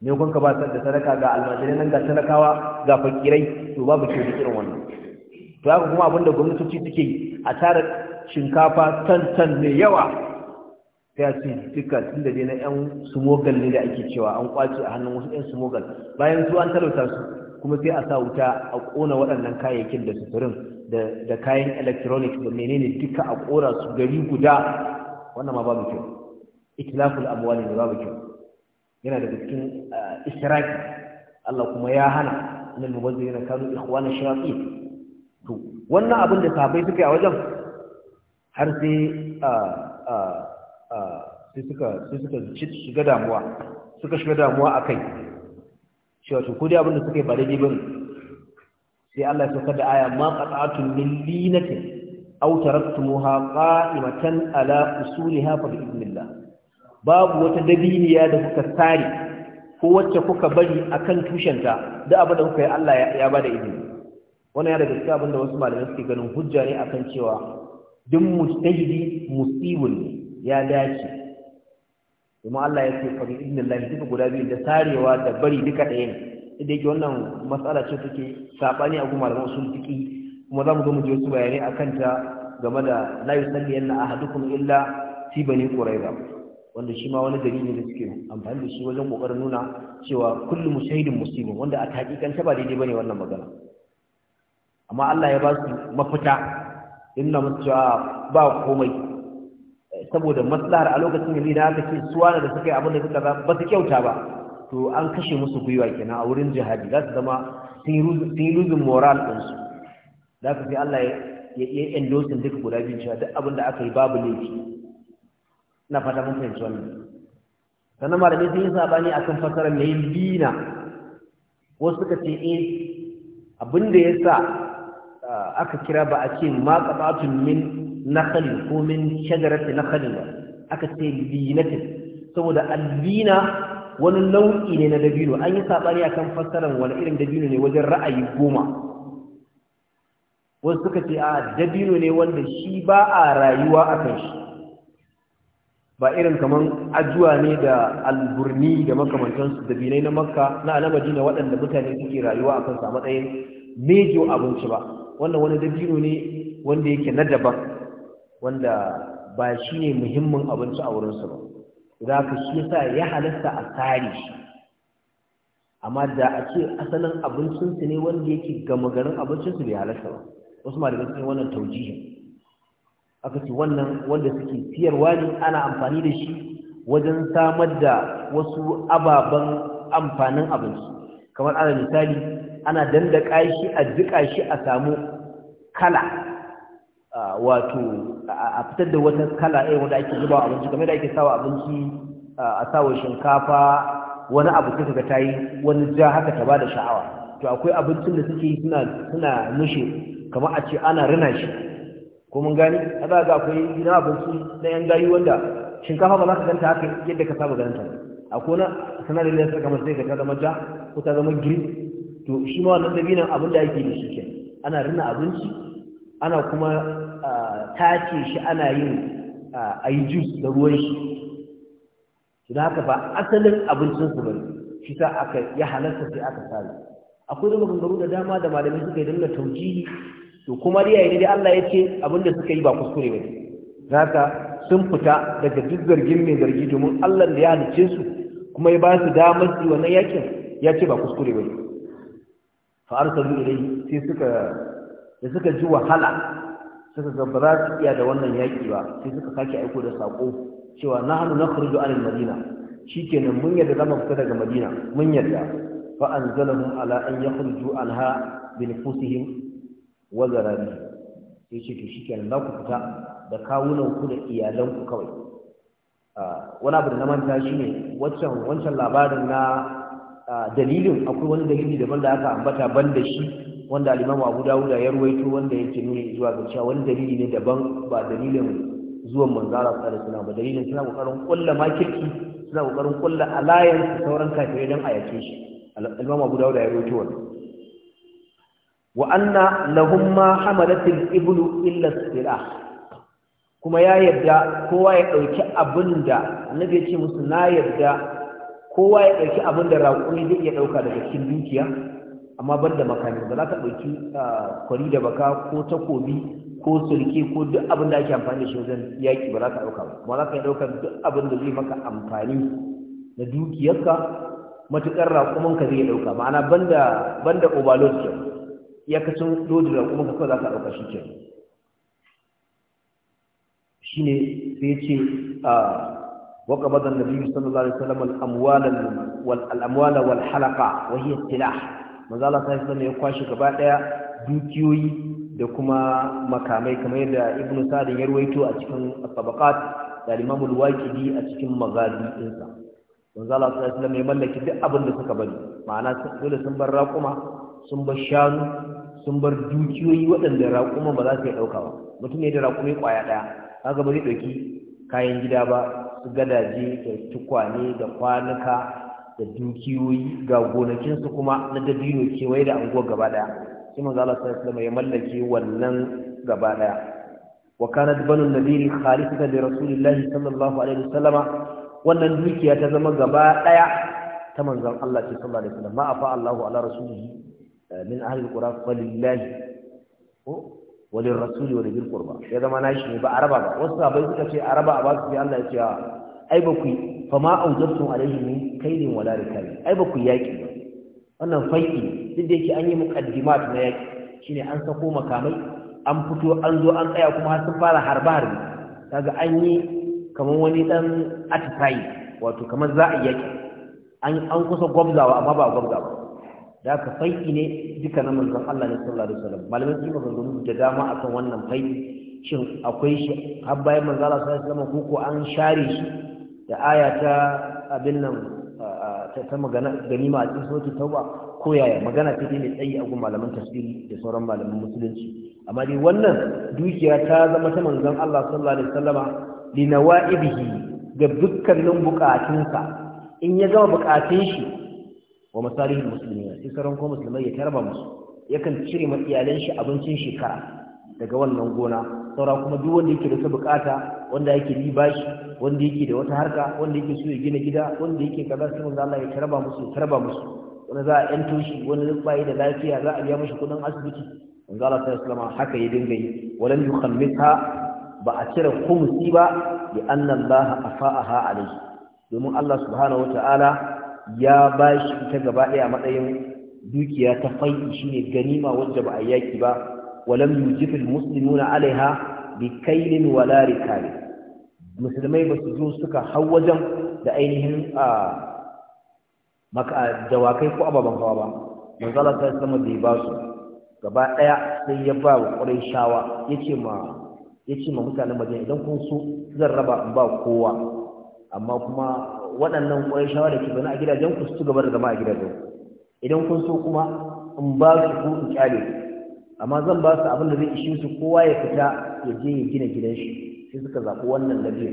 ne kun ka ba da sadaka ga almajirai nan ga talakawa ga fakirai to babu ke da irin wannan to haka kuma abinda gwamnatoci suke yi a tara shinkafa tantan mai yawa ya duka tun da na yan sumogal ne da ake cewa an kwace a hannun wasu yan sumogal bayan su an talauta su kuma sai a sa wuta a kona waɗannan kayayyakin da sufurin da kayan electronic da menene duka a kora su gari guda wannan ma babu kyau itilaful abuwa ne babu kyau yana daga cikin eh, israfi Allah kuma ya hana min mubazzirina kanu ikhwana to wannan abin da sahabbai suka yi a wajen har sai ah, ah, sai suka shiga damuwa suka shiga damuwa ko dai abinda suka yi ba daidai sai Allah ya saukar da aya ma qata'atun min linatin aw taraktumuha qa'imatan ala usuliha fa bi'idnillah babu wata dabiniya da kuka tsari. ko wacce kuka bari akan tushenta da abin da kuka yi Allah ya bada izini wannan ya daga cikin abin wasu malamai suke ganin hujja ne akan cewa duk mujtahidi musibun ne ya dace kuma Allah ya ce fa bi idnillahi duka guda biyu da sarewa da bari duka ɗaya ne idan yake wannan matsala ce take sabani a gumar sun fiki kuma za mu zo mu je wasu bayanai akan ta game da la yusalli anna ahadukum illa fi bani quraiza wanda shi ma wani dalili da suke amfani da shi wajen kokarin nuna cewa kullu mushahidin muslimin wanda a ta ba daidai bane wannan magana amma Allah ya ba su mafita inna mutuwa ba komai saboda maslahar a lokacin yanzu da aka ce suwa da suka yi abin da suka ba su kyauta ba to an kashe musu gwiwa kenan a wurin jihadi za su zama sun yi ruzin moral ɗinsu za ka sai Allah ya yi endosin duka guda biyu cewa duk abin aka yi babu laifi na fata mun fahimci wannan sannan malamai sun yi saɓani a kan fasarar mai bina. wasu suka ce eh abin ya sa ah, aka kira ba a ce ma min nakhal ko min shajarati nakhal ba aka ce linatin saboda albina wani nau'i ne na dabino an yi saɓani akan fassarar wani irin dabino ne wajen ra'ayi goma wasu suka ce a dabino ne wanda shi ba a rayuwa akan shi ba irin kaman ajuwa ne da alburni da makamantansu dabinai na makka na alamadi na waɗanda mutane suke rayuwa a kansa matsayin mejo abinci ba wannan wani dabino ne wanda yake na daban wanda ba shi ne muhimmin abinci a wurinsu ba za ka shi sa ya halasta a tsari shi amma da a ce asalin abincinsu ne wanda yake gama garin abincinsu bai halasta ba wasu malamai sun cikin wannan taujihin aka ce wannan wanda suke siyarwa ne ana amfani da shi wajen samar da wasu ababen amfanin abinci kamar ana misali ana dandaka shi a jika shi a samu kala wato a fitar da wata kala ɗaya wanda ake zuba abinci game da ake sawa abinci a sawa shinkafa wani abu suka ga tayi wani ja haka ta bada sha'awa to akwai abincin da suke suna suna nushe kamar a ce ana rina shi ko mun gani a za ga akwai gina abinci na yan gayu wanda shinkafa ba za ka ganta haka yadda ka saba ganta a akwai na sanadin da suka kamar sai ka zama ja ko ta zama girin, to shi ma wannan dabinan abin da ake da shi ke, ana rina abinci ana kuma tace shi ana yin ayi jus da ruwan shi su da haka ba asalin abincinsu ba shi sa aka ya halarta sai aka sami akwai da maganganu da dama da malamai suka yi dinga taujihi to kuma dai yayin da Allah ya ce abinda suka yi ba kuskure ba haka sun fita daga duk zargin mai zargi domin Allah da ya halice su kuma ya ba su damar su wannan yakin ya ce ba kuskure ba fa arsalu ilayhi sai suka da suka ji wahala suka ga ba za su iya da wannan yaƙi ba sai suka sake aiko da saƙo cewa na hannu na kurju anil madina shikenan mun yarda zama fita daga madina mun yarda fa mun ala an yakhruju anha bi nufusihim wa zarari sai ce to shikenan za ku fita da kawunan ku da iyalan ku kawai ah, wani abu da na manta shine ne wancan labarin na dalilin akwai wani dalili daban da aka ambata ban da shi wanda alimamu abu dawuda ya ruwaito wanda yake nuni zuwa ga cewa wani dalili ne daban ba dalilin zuwan manzara tsara suna ba dalilin suna kokarin kulla makirki suna kokarin kulla alayan sauran kafirai don a shi alimamu abu dawuda ya ruwaito wannan wa anna lahum ma hamalatil iblu illa silah kuma ya yarda kowa ya ɗauki abin da annabi ya ce musu na yarda kowa ya ɗauki abin da raƙumi zai iya ɗauka daga cikin dukiya amma ban da makami ba za ka ɗauki ah, kwari da baka ko takobi ko sulke ko duk abin da ake amfani da shi wajen yaƙi ba za ka ɗauka ba kuma za ka ɗauka duk abin da zai maka amfani na dukiyarka matuƙar ka zai iya ɗauka ma'ana banda banda overload ke kacin lodin ka kawai za ka ɗauka shi ke shine sai ce ah, وقبض النبي صلى الله عليه وسلم الأموال والأموال والحلقة وهي السلاح maza Allah sai sallallahu ya kwashi gaba daya dukiyoyi da kuma makamai kamar yadda Ibn Sa'd ya ruwaito a cikin Tabaqat da Imam al-Waqidi a cikin Maghazi ɗinsa manzo Allah sallallahu alaihi ya mallaki duk abin da suka bari ma'ana dole sun bar raƙuma sun bar shanu sun bar dukiyoyi waɗanda raƙuma ba za su iya ɗauka ba mutum ne da raƙumi ƙwaya ɗaya kaga ba zai ɗauki kayan gida ba su gadaje da tukwane da kwanuka da dukiyoyi ga gonakinsu kuma na dabino kewaye da anguwa gaba daya shi manzo Allah sallallahu alaihi wasallam ya mallake wannan gaba daya wa kanat banu nadiri khalifatan li rasulillahi sallallahu alaihi wasallama wannan dukiya ta zama gaba daya ta manzon Allah ce sallallahu alaihi wasallam ma afa Allahu ala rasulihi eh, min ahli alqura falillahi walin rasuli wani bil ba. ya zama nashi ne ba raba ba wasu sabai suka ce raba a ba su Allah ya ce ai ba ku fa ma da alaihi min kaidin wala rikai ai ba ku yaƙi ba wannan faiki duk da yake an yi muqaddimat na yaƙi. shine an sako makamai an fito an zo an tsaya kuma har sun fara harba harbi kaga an yi kamar wani dan atisayi wato kamar za a yaƙi an kusa gwabzawa amma ba gwabzawa da aka fai'i ne duka na manzon Allah ne sallallahu alaihi wasallam malamin sun maganganu da dama akan wannan fai'i shin akwai shi har bayan manzon Allah sallallahu alaihi wasallam ko an share shi da aya ta abin nan ta magana ganima a cikin sauti tauba ko yaya magana ce ne tsayi a gun malamin tafsiri da sauran malaman musulunci amma dai wannan dukiya ta zama ta manzon Allah sallallahu alaihi wasallama li ga dukkanin bukatunsa in ya gama bukatun shi wa masalihin musulmi sai sauran kuma musulmai ya tarba musu yakan cire ma iyalan shi abincin shekara daga wannan gona saura kuma duk wanda yake da wata bukata wanda yake riba shi wanda yake da wata harka wanda yake so ya gina gida wanda yake kaza sai manzo Allah ya tarba musu ya tarba musu wani za a yanto shi wani bai da lafiya za a biya mishi kudin asibiti manzo Allah sallallahu alaihi wasallam haka ya dinga yi walan yukhammisa ba a cire kumusi ba da annan laha a fa'aha alaihi domin Allah subhanahu wa ta'ala ya ba shi ita gaba ɗaya matsayin dukiya ta fai ne ganima wadda ba a yaki ba walam yujibu na alaiha bi kailin wala rikali musulmai ba su zo suka hau wajen da ainihin a dawakai ko ababen hawa ba manzala ta sama bai ba su gaba ɗaya sai ya ba wa shawa ya ce ma ya ce ma mutanen madina idan kun so zan raba ba kowa amma kuma waɗannan ƙwarishawa da ke zana a gidajen ku su gaba da zama a gidajen idan kun so kuma in ba su ko in kyale amma zan ba su abin da zai ishi su kowa ya fita ya je ya gina gidan shi sai suka zaɓi wannan lafiya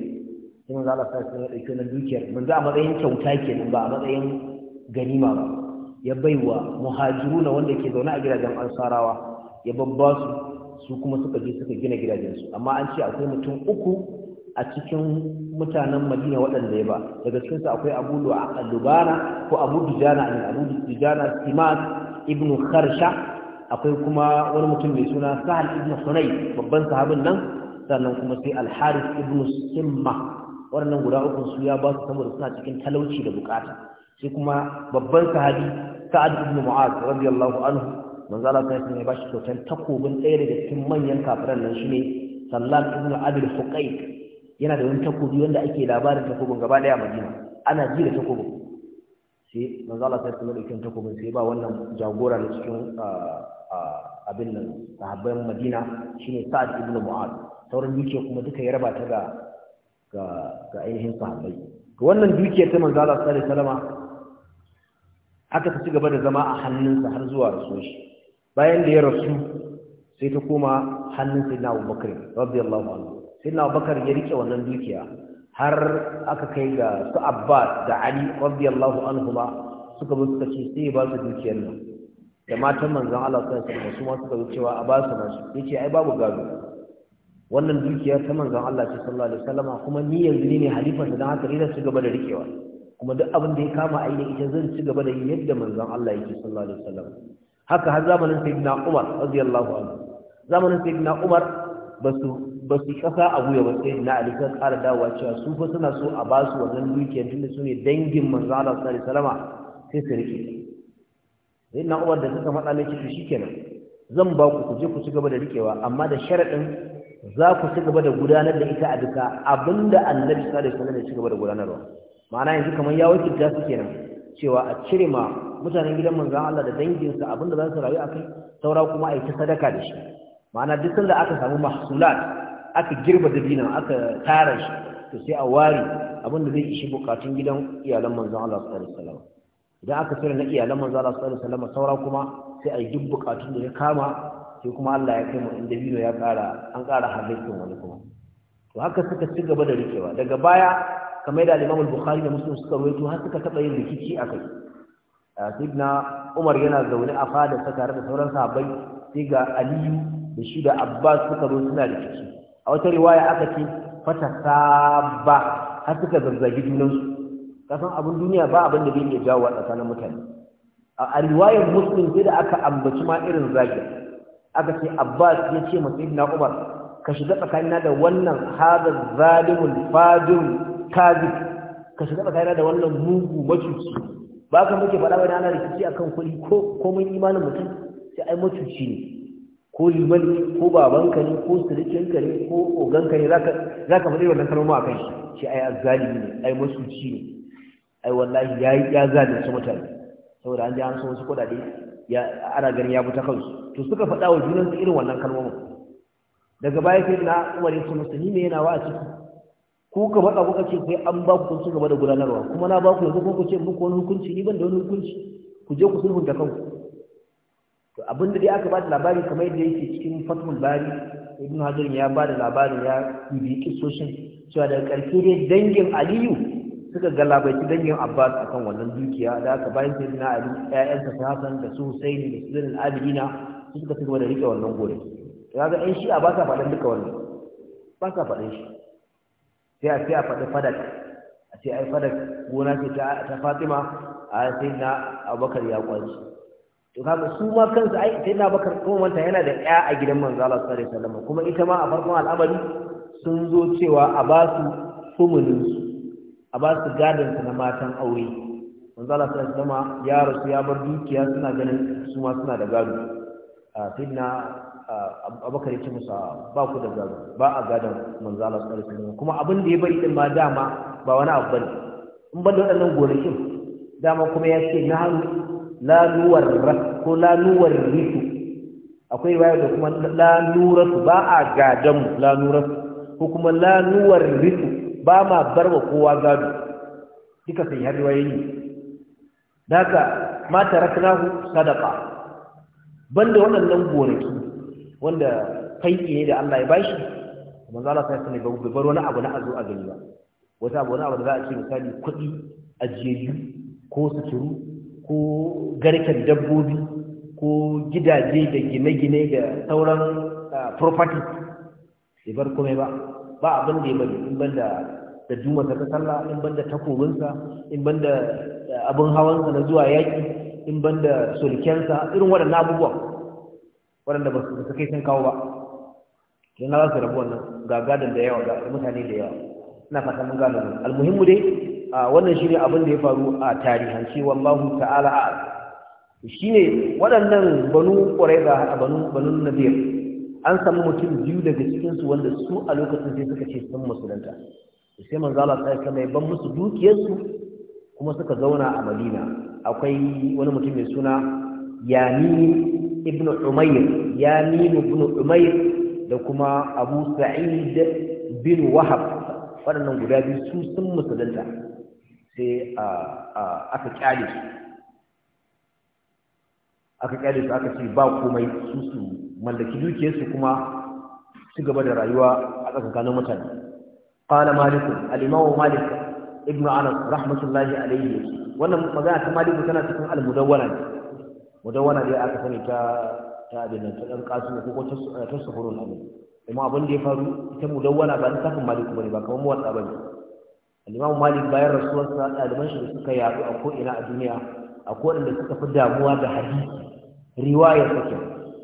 sai mun zaɓa sa sun ɗauki wannan dukiyar mun za a matsayin kyauta ke nan ba a matsayin ganima ba ya baiwa muhajiru na wanda ke zaune a gidajen ansarawa ya babba su su kuma suka je suka gina gidajensu amma an ce akwai mutum uku a cikin mutanen madina waɗanda ya ba daga cikinsu akwai abu lubana ko abu dujana ne eh, abu dujana ibn kharsha akwai kuma wani mutum mai suna sahal ibn sunai babban sahabin nan sannan kuma sai alharis ibn simma waɗannan guda uku su ya ba su saboda suna cikin talauci da bukata sai kuma babban sahabi sa'ad ibn mu'az radiyallahu anhu manzo Allah sai ba bashi kyautar takobin ɗaya daga cikin manyan kafiran nan shine sallan ibn abil huqayq yana da wani takobi wanda ake labarin takobin gaba daya madina ana ji da takobin sai manzo Allah sai kuma dukkan takobin sai ba wannan jagora na cikin abin nan sahabban madina shine Sa'ad ibn Mu'adh sauran dukiya kuma duka ya raba ta ga ga ainihin sahabbai ga wannan dukiya ta manzo Allah sallallahu alaihi aka ci gaba da zama a hannunsa har zuwa rasuwar bayan da ya rasu sai ta koma hannun sayyidina Abubakar radiyallahu anhu sai na bakar ya rike wannan dukiya har aka kai ga su abbas da ali radiyallahu anhuma suka zo suka ce sai ba su dukiyar nan da matan manzon Allah sallallahu alaihi wasallam su ma suka zo cewa a ba su nasu yace ai babu gado wannan dukiya ta manzon Allah ce sallallahu alaihi wasallam kuma ni yanzu ne halifar da dan haka ne su gaba da rikewa kuma duk abin da ya kama a yi ita zan ci gaba da yadda manzon Allah yake sallallahu alaihi wasallam haka har zamanin sayyidina Umar radiyallahu anhu zamanin sayyidina Umar ba su. ba su kasa a guya ba sai na alika kara dawowa cewa su fa suna so a ba su wannan dukiyar tunda su ne dangin manzo Allah sallallahu salama sai su rike sai na uwar da suka faɗa mai to shikenan zan ba ku ku je ku ci da rikewa amma da sharadin za ku ci gaba da gudanar da ita a duka abinda annabi sallallahu alaihi wasallam ya ci da gudanarwa ma'ana yanzu kamar ya wakilta su kenan cewa a cire ma mutanen gidan manzo Allah da danginsa abinda za su rayu akai saura kuma a yi ta sadaka da shi ma'ana duk sanda aka samu mahsulat aka girba dabino aka tara shi to sai a ware abin da zai ishi bukatun gidan iyalan manzon Allah sallallahu alaihi wasallam idan aka tsira na iyalan manzon Allah sallallahu saura kuma sai a yi bukatun da ya kama sai kuma Allah ya kai mu inda dabino ya kara an kara halittun wani kuma to haka suka ci gaba da rikewa daga baya kamar da Imam Bukhari da Muslim suka rawaito har suka taba yin rikici akai Sidna Umar yana zaune a fada sakare da sauran sahabbai sai ga ali da shi da Abbas suka zo suna rikici a wata riwaya aka ce fata saba har suka zarzagi junansu kasan abin duniya ba abin da bai iya jawo a tsakanin mutane a riwayar muslim sai da aka ambaci ma irin zagi, aka ce abbas ya ce masu ibn umar ka shiga tsakanina da wannan hadar zalimul fadin kazib ka shiga tsakanina da wannan mugu macuci ba ka muke faɗa wani ana rikici akan kuɗi ko komai imanin mutum sai ai macuci ne ko liman ko babanka ne ko sirikinka ne ko oganka ne za ka faɗi wannan kalmomi a kan shi shi ai azzalimi ne ai masuci ne ai wallahi ya ya zalunci su mutane saboda an ji an so wasu kuɗaɗe ya ana ganin ya fita kansu to suka faɗa wa junansu irin wannan kalmomin daga baya sai na umar ya ce musu me yana wa a ciki ko ka faɗa ka ce sai an ba ku kun gaba da gudanarwa kuma na ba ku yanzu ko ku ce muku wani hukunci ni ban da wani hukunci ku je ku sulhunta kanku to abin da dai aka ba da labari kamar yadda yake cikin fatul bari ibn hajar ya ba da labarin ya bibi kisoshin cewa daga karfe dai dangin aliyu suka galabaci dangin abbas akan wannan dukiya da aka bayan sai na ali ƴaƴansa su hasan da su husaini da su zainul abidina suka ci da rike wannan gore ga ɗan shi'a ba sa faɗan duka wannan ba sa faɗan shi sai a sai a faɗi fadak a ce ai fadak gona ce ta fatima a sai na abubakar ya kwanci to kaga su ma kansu ai sai na bakar kuma yana da ɗaya a gidan manzo Allah sallallahu alaihi wasallam kuma ita ma a farkon al'amari sun zo cewa a ba su sumunin su a ba su gadon na matan aure manzo Allah sallallahu alaihi wasallam ya rasu ya bar dukiya suna ganin su ma suna da gado A abubakar ya ce musa ba ku da gado ba a gadon manzo Allah sallallahu alaihi wasallam kuma abin da ya bari din ma dama ba wani abu bane in ba da waɗannan gonakin dama kuma ya ce na haru la Risu akwai riwaya da kuma la nurasu ba a gadanmu la nurasu ko kuma la Risu ba ma barwa kowa gado duka sai har riwayoyi daga ma taraknahu sadaqa banda waɗannan gonaki wanda kai ne da Allah ya bashi za Allah sai ne ga bar wani abu na azu a gani ba wata abu wani abu da za a ce misali kuɗi ajiyayyu ko suturu ko garken dabbobi ko gidaje da gine-gine da sauran property da bar komai ba ba abin da ya mai in ban da da juma ta sallah in ban da takobinsa in ban da abin hawansa na zuwa yaki, in ban da sulkensa irin waɗannan abubuwan waɗanda ba su kai sun kawo ba yana za su rabu wannan ga gadon da yawa ga mutane da yawa ina fata mun gano al almuhimmu dai wannan shi ne abin da ya faru a tarihance wallahu ta'ala a Shi ne waɗannan banu quraiza a banu banu nadir an samu mutum biyu daga cikinsu wanda su a lokacin sai suka ce sun musulunta sai manzo Allah sai mai ban musu dukiyarsu kuma suka zauna a Madina akwai wani mutum mai suna Yamin ibn Umayr Yamin ibn Umayr da kuma Abu Sa'id bin Wahab waɗannan guda biyu su sun musulunta sai aka kyale su aka kyale su aka ce ba komai su su mallaki dukiyarsu kuma su gaba da rayuwa a tsakanin mutane qala malik al malika malik ibn anas rahmatullahi alayhi wannan magana ta malik tana cikin al-mudawwala ne dai aka sani ta ta da nan dan kasu ko ko ta sufurun abu amma abin da ya faru ita mudawwana ba ta kafin malik bane ba kamar ba ne. al'imamu malik bayan rasuwarsa ɗaliban shi da suka yaɗu a ko'ina a duniya akwai waɗanda suka fi damuwa da hadisi riwayar suke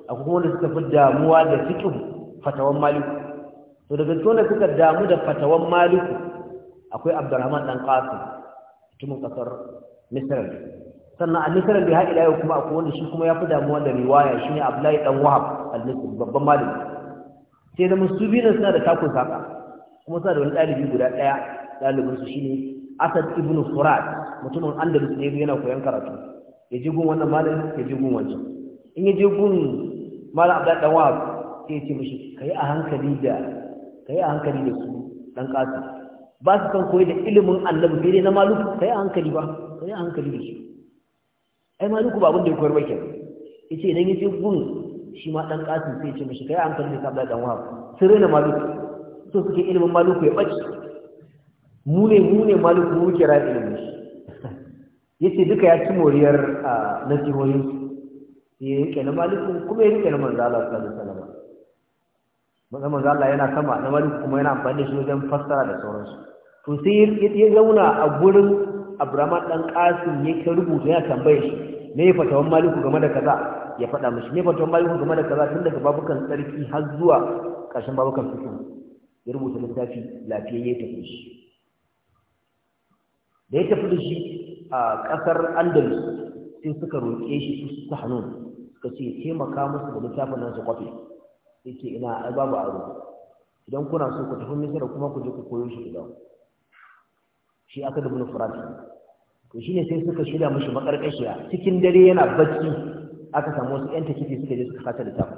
kuma wanda suka fi damuwa da fikin fatawan maliku to daga tona suka damu da fatawan maliku akwai abdurrahman dan qasim mutumin kasar misr sannan a misr da haɗi layo kuma akwai wanda shi kuma ya fi damuwa da riwaya shi ne abdullahi dan wahab al-misr babban malik sai da musubi suna da takun saka kuma suna da wani ɗalibi guda ɗaya ɗalibinsu shine asad ibn furat mutumin andalus ne yana koyon karatu ya je gun wannan malam ya je gun wancan in ya je gun malam Abdullahi dan wahab sai ya ce mishi kai a hankali da kai a hankali da su dan kasu ba su san koyi da ilimin annabi sai dai na maluku kai a hankali ba kai a hankali da su ai maluku ba abin da ya koyar ba Ya yace idan ya je gun shi ma dan kasu sai ya ce mishi kai a hankali da abdul dan wahab sirrin maluku to suke ilimin maluku ya bace mu ne mu ne malik mu muke rayu ilimin Ya yace duka ya ci moriyar nasihohin su ya yi kenan maliku kuma ya rike na manzo Allah sallallahu alaihi wasallam manzo manzo Allah yana sama na maliku kuma yana amfani da shi wajen fassara da sauransu to sai ya zauna a gurin Abraham dan Qasim yake rubuta yana tambaye shi me ya fatawan maliku game da kaza ya faɗa mishi me fatawan maliku game da kaza tun daga babukan tsarki har zuwa ƙarshen babukan fiqh ya rubuta littafi lafiyayye ta kushi. da ya tafi da shi a ƙasar andalus sai suka roƙe shi su su hannun suka ce taimaka musu da littafin nan su kwafe sai ke ina ai babu aro idan kuna so ku tafi misira kuma ku je ku koyo shi idan shi aka da bin farashi. to shine sai suka shirya mishi maƙarƙashiya, cikin dare yana bacci aka samu wasu ƴan tafiye suka je suka kasa littafin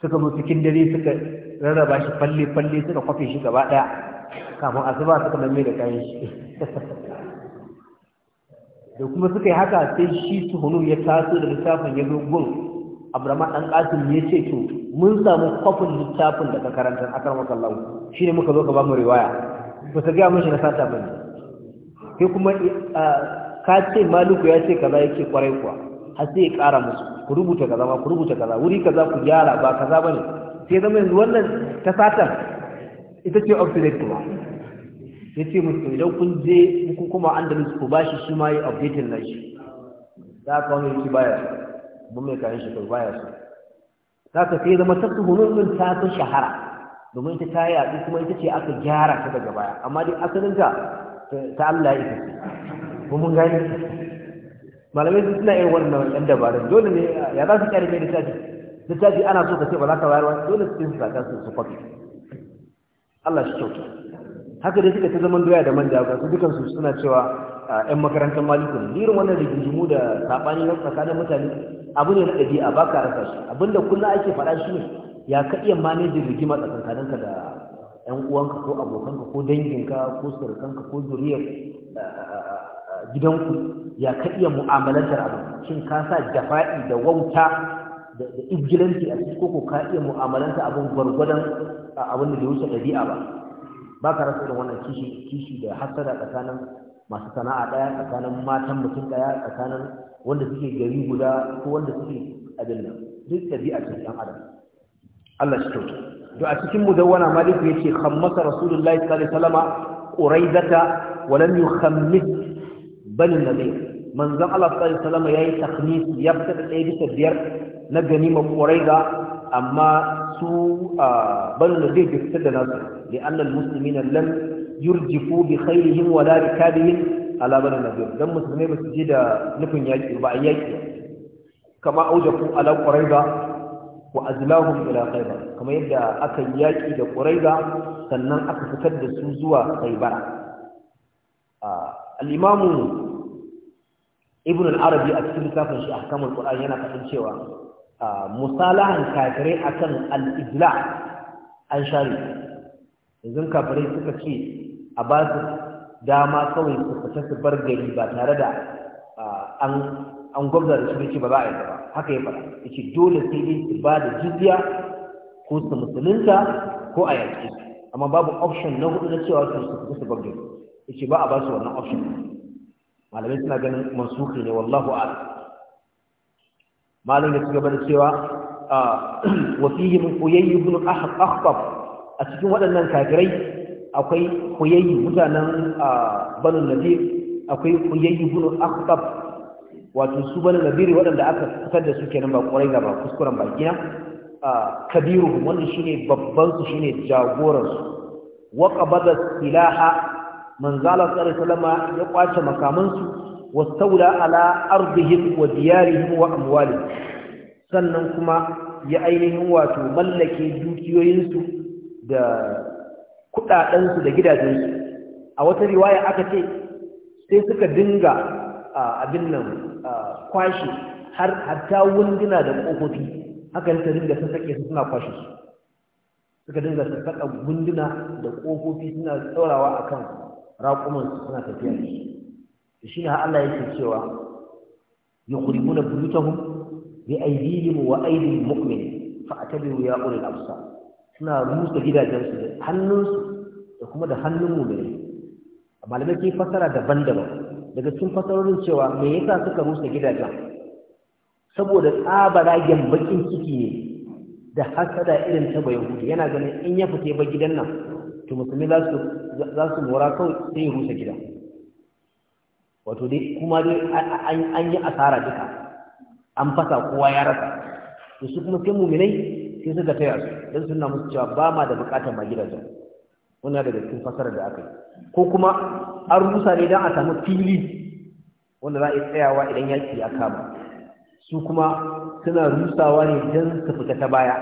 suka zo cikin dare suka rarraba shi falle falle suka kwafe shi gaba ɗaya. kafin asuba suka mamme da kayan shi da kuma suka yi haka sai shi suhunu ya taso da littafin ya zo gun abrahman ɗan ƙasim ya ce to mun samu kwafin littafin da ka karanta a karamar kallahu shi ne muka zo ka ba mu riwaya ba ta gaya mashi na sata ba ne sai kuma ka ce maluku ya ce kaza yake kwarai kuwa har sai ya ƙara musu ku rubuta kaza ma ku rubuta kaza wuri kaza ku gyara ba kaza ba ne sai zama yanzu wannan ta satan ita ce obsolete kuma ya ce musu idan kun je kun kuma andalus ku ba shi shi ma yi updating na shi za ka wani shi baya su mun mai kayan shekaru baya su za ka sai zama tattu hunun ɗin ta fi shahara domin ita ta yaɗu kuma ita ce aka gyara ta daga baya amma dai asalin ta ta Allah ya ita ce mun gani malamai su suna yin wannan ɗan dabarun dole ne ya za su ƙarfe littafi littafi ana so ka ce ba za ka bayar wani dole su yi su su kwafi Allah shi kyauta haka dai suka ta zaman doya da manja ga su dukansu suna cewa 'yan makarantar maliku ne wannan rigingimu da saɓani na tsakanin mutane abu ne na ɗabi'a ba ka rasa shi abinda kullum ake faɗa shi ne ya ka iya manajin rigima tsakankaninka da 'yan uwanka ko abokanka ko danginka ko surukanka ko zuriyar gidanku ya ka iya mu'amalantar abu shin ka sa jafa'i da wauta da ibgilanci a cikin koko ka iya mu'amalanta abin gwargwadon abin da wuce ɗabi'a ba ba ka rasa irin wannan kishi kishi da hasada tsakanin masu sana'a ɗaya tsakanin matan mutum ɗaya tsakanin wanda suke gari guda ko wanda suke abin nan duk ɗabi'a ce ɗan adam Allah shi kyauta to a cikin mudawwana malik yace khammasa rasulullahi sallallahu alaihi wasallama quraidata wa lam yukhammis bani nabi manzon Allah sallallahu alaihi wasallama yayi takhmis ya fita da ɗaya bisa biyar na ganima quraida amma su banu nadir da fitar da nasu da annan musulmi na lam yurjifu bi khairihim wa la bikadihim ala banu nadir dan musulmai ba su je da nufin yaki ba a yaki kama aujafu ala quraiba wa azlahum ila khaybar kama yadda aka yaki da quraiba sannan aka fitar da su zuwa khaybar al-imamu ibn al-arabi a cikin litafin shi ahkamul qur'an yana fadin cewa musalahan kafirai akan al-ijla an share yanzu kafirai suka ce a ba su dama kawai su fita su bar gari ba tare da an an gwabza da shi ba za a yi ba haka ya fara yace dole sai dai su ba da jizya ko su musulunta ko a yaƙi amma babu option na hudu na cewa su su fita su bar gari ba a ba su wannan option malamai suna ganin mansuki ne wallahu a'lam malam ya ci gaba da cewa wa fihi min huyay ibn akhtab a cikin waɗannan kafirai akwai huyay mutanen banu nadir akwai huyay ibn akhtab wato su banu nadir waɗanda aka fitar da su kenan ba kurai ba kuskuren ba bakina kabiru wanda shine babban su shine jagoran su wa qabada silaha manzala sallallahu alaihi wasallama ya kwace makaman su wasaula ala ardihim wa diyarihim wa amwalihim sannan kuma ya ainihin wato mallake dukiyoyinsu da kudadansu da gidajensu a wata riwaya aka ce sai suka dinga abin nan kwashe har hatta wunduna da ƙofofi, haka ta dinga sassaƙe su suna kwashe su suka dinga sassaƙa wunduna da kofofi suna tsaurawa akan raƙumansu suna tafiya da shi ha Allah yake cewa yukhribuna buyutahum bi aydihim wa aydil mu'min fa atabiru ya ulul absar suna rusa gidajensu da hannunsu da kuma da hannun mu'mini malamai ke fasara daban-daban daga cikin fasarorin cewa me yasa suka rusa gidajen saboda tsabaragen bakin ciki ne da hasada irin ta bayahudi yana ganin in ya fita ba gidan nan to musulmi za su mora kawai sai ya rusa gidan wato dai kuma dai an yi asara duka an fasa kowa ya rasa to su kuma sai muminai sai suka taya su dan suna musu cewa ba ma da bukatar magidan su wannan daga cikin fasarar da aka yi ko kuma an rusa ne dan a samu fili wanda za a yi tsayawa idan yaki ya kama su kuma suna rusawa ne dan su fita ta baya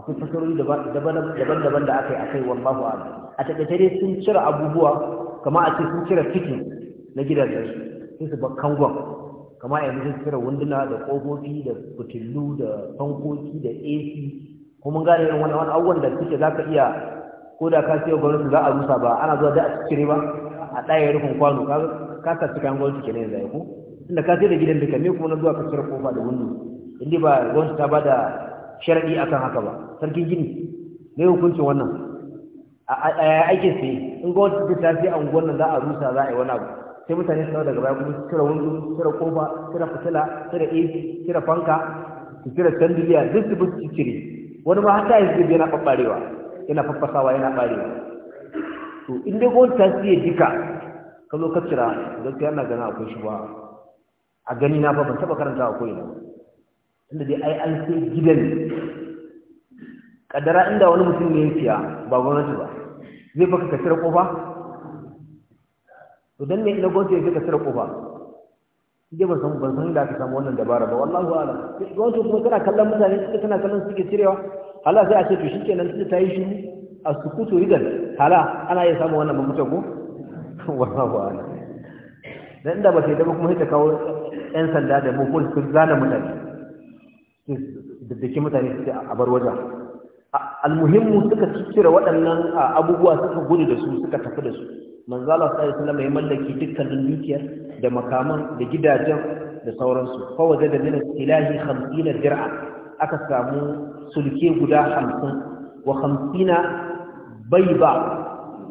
akwai fasarori daban-daban da aka yi a kai wallahu a'lam a takaice dai sun cire abubuwa kamar a ce sun cire fikin na gidajensu sai su bar kangon kamar yanzu su tsira wunduna da ƙofofi da fitillu da fankoki da ac kuma gane irin wani abubuwan da suke za ka iya ko da ka siya gwamnati za a rusa ba ana zuwa da a cire ba a ɗaya rufin kwano ka ka cika yan gwamnati kenan yanzu ko inda ka sai da gidan duka me kuma na zuwa ka cire kofa da wundu inda ba gwamnati ta ba da sharaɗi akan haka ba sarkin gini me hukuncin wannan a aikin sai in gwamnati ta sai a unguwar nan za a rusa za a yi wani abu sai mutane su daga baya kuma su cire wundu su cire kofa su cire fitila su cire ac su cire fanka su cire sandiliya duk su bi su cire wani ma haka yanzu yana babbarewa yana faffasawa yana barewa to in dai gwamnati ta siya duka ka zo ka cira gaskiya ana gana akwai shi ba a gani na fa ban taba karanta akwai na inda dai ai an sai gidan kadara inda wani mutum ne ya siya ba gwamnati ba zai baka ka cire kofa to dan ne na gwamnati ya ka cire kofa inda ba san ban san da ka samu wannan dabara ba wala a'lam gwamnati kuma kana kallon mutane suka tana kallon suke cirewa hala sai a ce to shikenan sai ta yi shi a sukutu idan hala ana iya samun wannan mamutan ko wallahi wala dan da ba sai da kuma hita ta kawo yan sanda da mu sun zana mutane da dake mutane su a bar waje almuhimmu suka cire waɗannan abubuwa suka gudu da su suka tafi da su Manzala Allah sallallahu alaihi ya mallaki dukkanin dukiyar da makaman da gidajen da sauransu fa wajada min al-ilahi 50 dir'a aka samu sulke guda 50 wa 50 bayba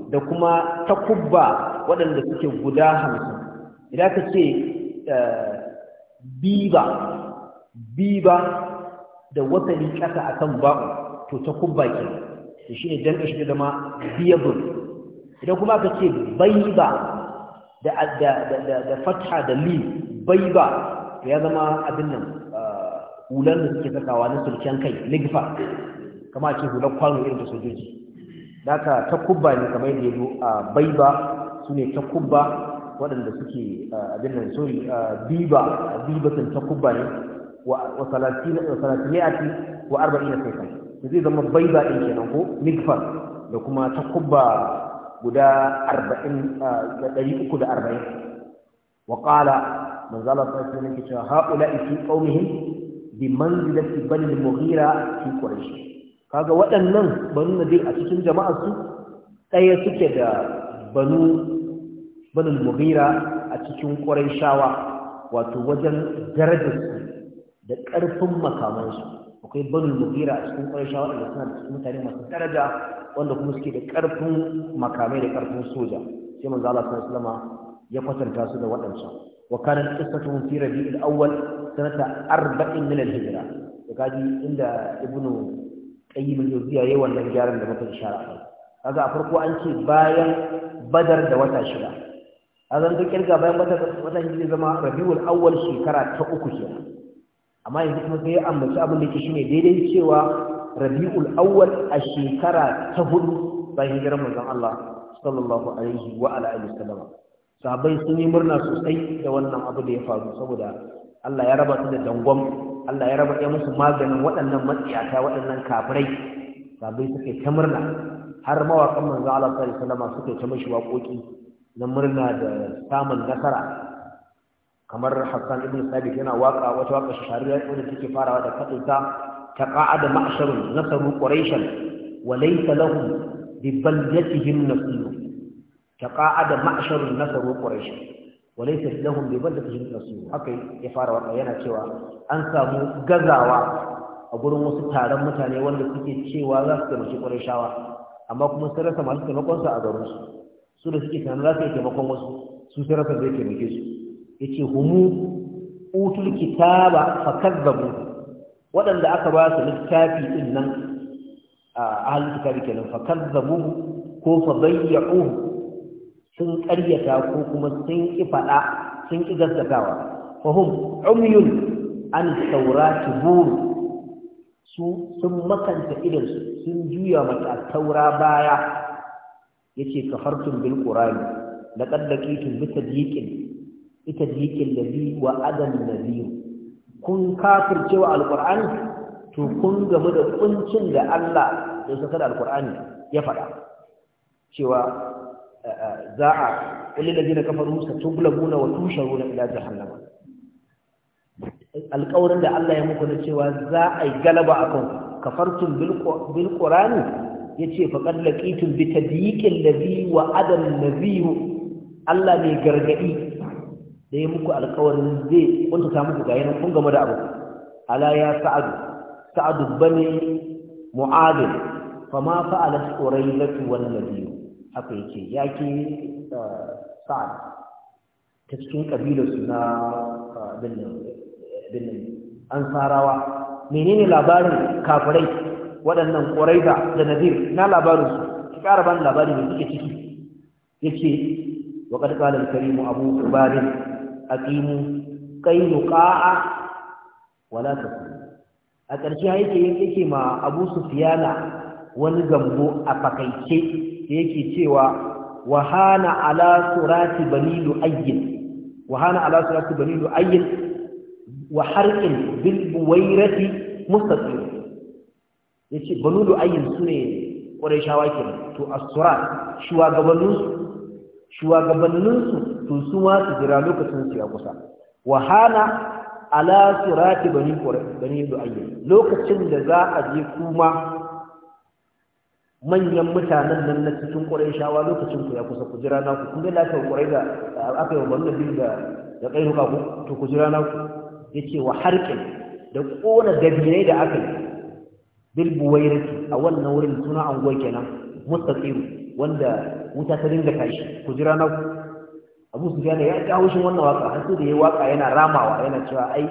da kuma takubba waɗanda suke guda 50 idan ka ce eh, biba biba da wasali kasa akan ba'u to takubba ke shi ne dan kashi da ma biyabul idan kuma ka ce baiba da da fatha da li baiba ya zama abin nan uh, hular da suke sakawa na sulken kai ligfa kama ce hular kwano irin da sojoji daga takubba ne kamar yadda yazo a uh, baiba sune takubba waɗanda suke uh, abin nan sorry biba bibatin takubba ne wa salatina wa salatiyati wa arba'ina sayfa zai zama baiba din kenan ko ligfa da kuma takubba guda arba'in da ɗari uku da arba'in wa ƙala manzala sa su nake cewa haƙula isi ƙaunihin bi manzilati bani mughira fi quraish kaga waɗannan banu nadir a cikin jama'ar su ɗaya suke da banu bani a cikin qurayshawa wato wajen darajar da ƙarfin makamansu akwai banin mugira a cikin ƙwarsha waɗanda suna da mutane masu daraja wanda kuma suke da ƙarfin makamai da ƙarfin soja sai manzo Allah sallallahu alaihi wasallam ya kwatanta su da waɗancan wa kanat qissatuhum fi rabi'il awwal sanata arba'in min al-hijra to kaji inda ibnu qayyim al-jawziya yayin wannan gyaran da muka ishara kai kaga a farko an ce bayan badar da wata shida azan duk kirga bayan badar wata shida zama rabiul awwal shekara ta uku kenan amma yanzu kuma sai ya ambaci abin da ke shi ne daidai cewa rabi'ul awwal a shekara ta hudu bayan hijirar manzon Allah sallallahu alaihi wa ala alihi wasallam sahabbai sun yi murna sosai da wannan abu da ya faru saboda Allah ya raba su da dangwam Allah ya raba ya musu maganin waɗannan matsiyata waɗannan kafirai sahabbai suka ta murna har mawaƙan manzo Allah sallallahu alaihi wasallam suke ta mashi waƙoƙi na murna da samun nasara kamar Hassan ibn Sabit yana waka wata waka shahararriya wanda take farawa da kadinta ta qa'ada ma'sharun nasaru quraishan wa laysa lahum bi baldatihim nasiru ta qa'ada ma'sharun nasaru quraishan wa laysa lahum bi baldatihim nasiru haka ya fara waka yana cewa an samu gazawa a gurin wasu taron mutane wanda suke cewa za su taimaki qurayshawa amma kuma sun rasa masu taimakon a garinsu. su da suke tunanin za su yi taimakon wasu su sun rasa zai taimake su yace humu utul kitaba kadzabu waɗanda aka ba su littafi din nan a ahlul kitabi kenan kadzabu ko fadayyu sun ƙaryata ko kuma sun ki faɗa sun ki fa fahum umyun an taurati bur su sun makanta idan sun juya mata taura baya yace kafartum bil qur'ani laqad laqitu bi ita jikin labi wa adam labi kun kafircewa alqur'ani to kun gamu da kuncin da Allah ya saka da alqur'ani ya faɗa cewa eh, eh, za a kulli ladina kafaru satublabuna wa tusharuna ila jahannama alƙawarin da Allah ya muku na cewa za a galaba akan kafartum bil qur'ani yace faqad laqitum bi tadyiqil ladhi wa adam nadhiru Allah ne gargadi da ya muku alkawarin zai ta muku ga yanar kun game da abu ala ya sa'adu sa'adu bane mu'adil fa ma fa'ala quraylatu wal nabiy haka yake yake eh, sa'ad ta cikin kabilar su na eh, bin ansarawa menene labarin kafirai waɗannan qurayza da nadir na labarin su ki ƙara labarin da suke ciki yake wa قال karimu Abu عباد aqimu qayluqa'a wala takun a ƙarshe yake yake ma Abu Sufyana wani gambo a fakaice yake cewa wahana ala surati bani lu'ayyin wahana ala surati bani lu'ayyin wa harqin bil buwairati mustaqim yace banu lu'ayyin sune Qurayshawa kenan to as-surat shugabanninsu shugabanninsu to su ma su jira lokacin su ya kusa wa hana ala sirati bani bani du'ayya lokacin da za a je kuma manyan mutanen nan na cikin Qurayshawa lokacin ku ya kusa ku jira na ku? kun ga lafiya Quraysh da aka yi wannan bin da da kai ruka ku to ku jira na ku yace wa harqin da kona dabine da aka yi bil buwairati a wannan wurin suna goke nan mustaqim wanda wuta ta dinga tashi ku jira na ku? abu su gane ya kawo shi wannan waka an sai da ya waka yana ramawa yana cewa ai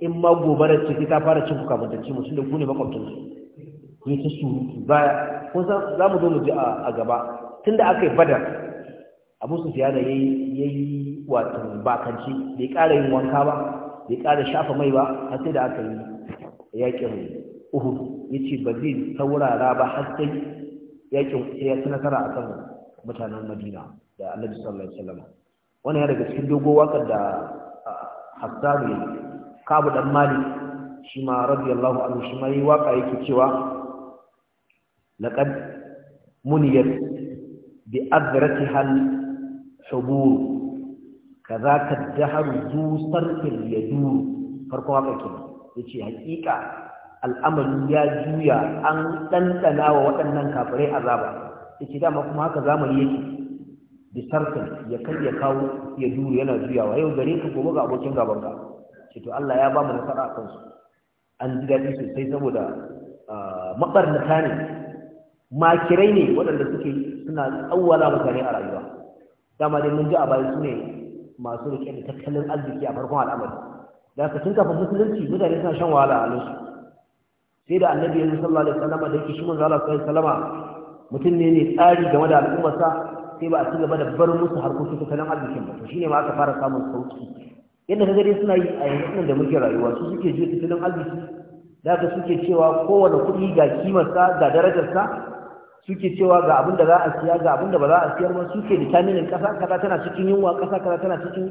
in ma gobarar ce ta fara cin kuka mutunci mutum da gune makwabtun su ya ta surutu baya kun san za mu zo mu ji a gaba tun da aka yi badar abu su fiye da ya yi wato bakanci bai ƙara yin wanka ba bai ƙara shafa mai ba har sai da aka yi yakin uhu ya ce ba zai saurara ba har sai yakin ya ci nasara a kan mutanen madina da annabi sallallahu alaihi wasallam wani yana daga cikin dogo wakar da hassanu ya kabu dan mali shi ma radiyallahu anhu shi ma yi waka yake cewa laqad muniyat bi azratiha al-hubur kazaka ad-dahr zu sarfil yadur farko haka ke yace hakika al'amarin ya juya an dandana wa waɗannan kafirai azaba yace dama kuma haka zamani yake sarkin ya kai ya kawo ya duru yana juyawa yau gare ka gobe ga abokin gaban ka ce to Allah ya ba mu nasara a kansu an ji daɗi sosai saboda maɓarnata ne makirai ne waɗanda suke suna tsawwala mutane a rayuwa dama dai mun ji a bayan su ne masu rike da tattalin arziki a farkon al'amari da ka tun kafin musulunci mutane suna shan wahala a halinsu sai da annabi yanzu sallallahu alaihi wasallam da yake shi manzo Allah sallallahu alaihi wasallam mutum ne ne tsari game da al'ummarsa sai ba a ci gaba da bar musu harkokin tattalin arzikin ba to shine ma aka fara samun sauki yadda ka gari suna yi a yanzu da muke rayuwa su suke ta tattalin arziki da ka suke cewa kowane kuɗi ga kimarsa ga darajarsa suke cewa ga abin da za a siya ga abin da ba za a siyar ba suke determinin ƙasa kaza tana cikin yunwa ƙasa kaza tana cikin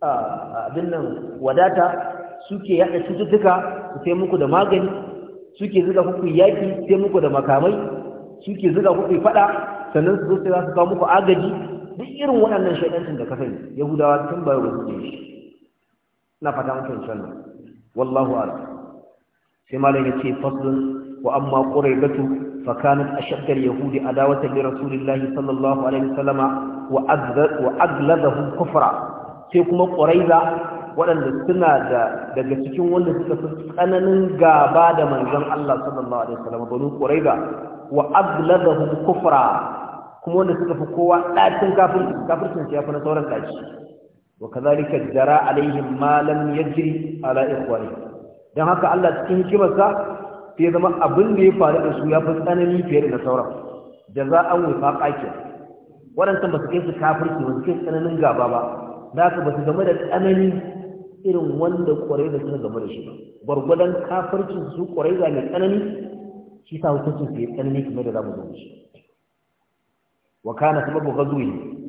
abin nan wadata suke yaɗa cututtuka su sai muku da magani suke zuga muku yaƙi sai muku da makamai shi ke zuga ku faɗa sannan su zo sai za su kawo muku agaji duk irin waɗannan shaidancin da ka sani yahudawa tun bayan ba su shi ina fata mutu in shallah wallahu ala. sai malam ya ce faslun wa amma quraybatu fa kanat ashadda al-yahudi a adawatan li rasulillahi sallallahu alaihi wasallama wa aghlad wa aghladahu kufra sai kuma qurayza waɗanda suna da daga cikin wanda suka fi tsananin gaba da manzon Allah sallallahu alaihi wasallam banu qurayza wa agladahu kufra kuma wanda suka fi kowa ɗacin kafirci kafircin ya fi na sauran ɗaci wa kazalika jara alaihim ma lam yajri ala ikhwani dan haka Allah cikin hikimarsa sai zama abin da ya faru da su ya fi tsanani fiye da na sauran jaza'an wifaqa ke waɗansu ba su kai su kafirci ba su kai tsananin gaba ba da haka ba su game da tsanani irin wanda ƙwarai da suka game da shi ba gwargwadon kafircin su ƙwarai ga mai tsanani shi sa hukuncin sai tsanani kamar da zamu zama shi wa kana sababu ghazwi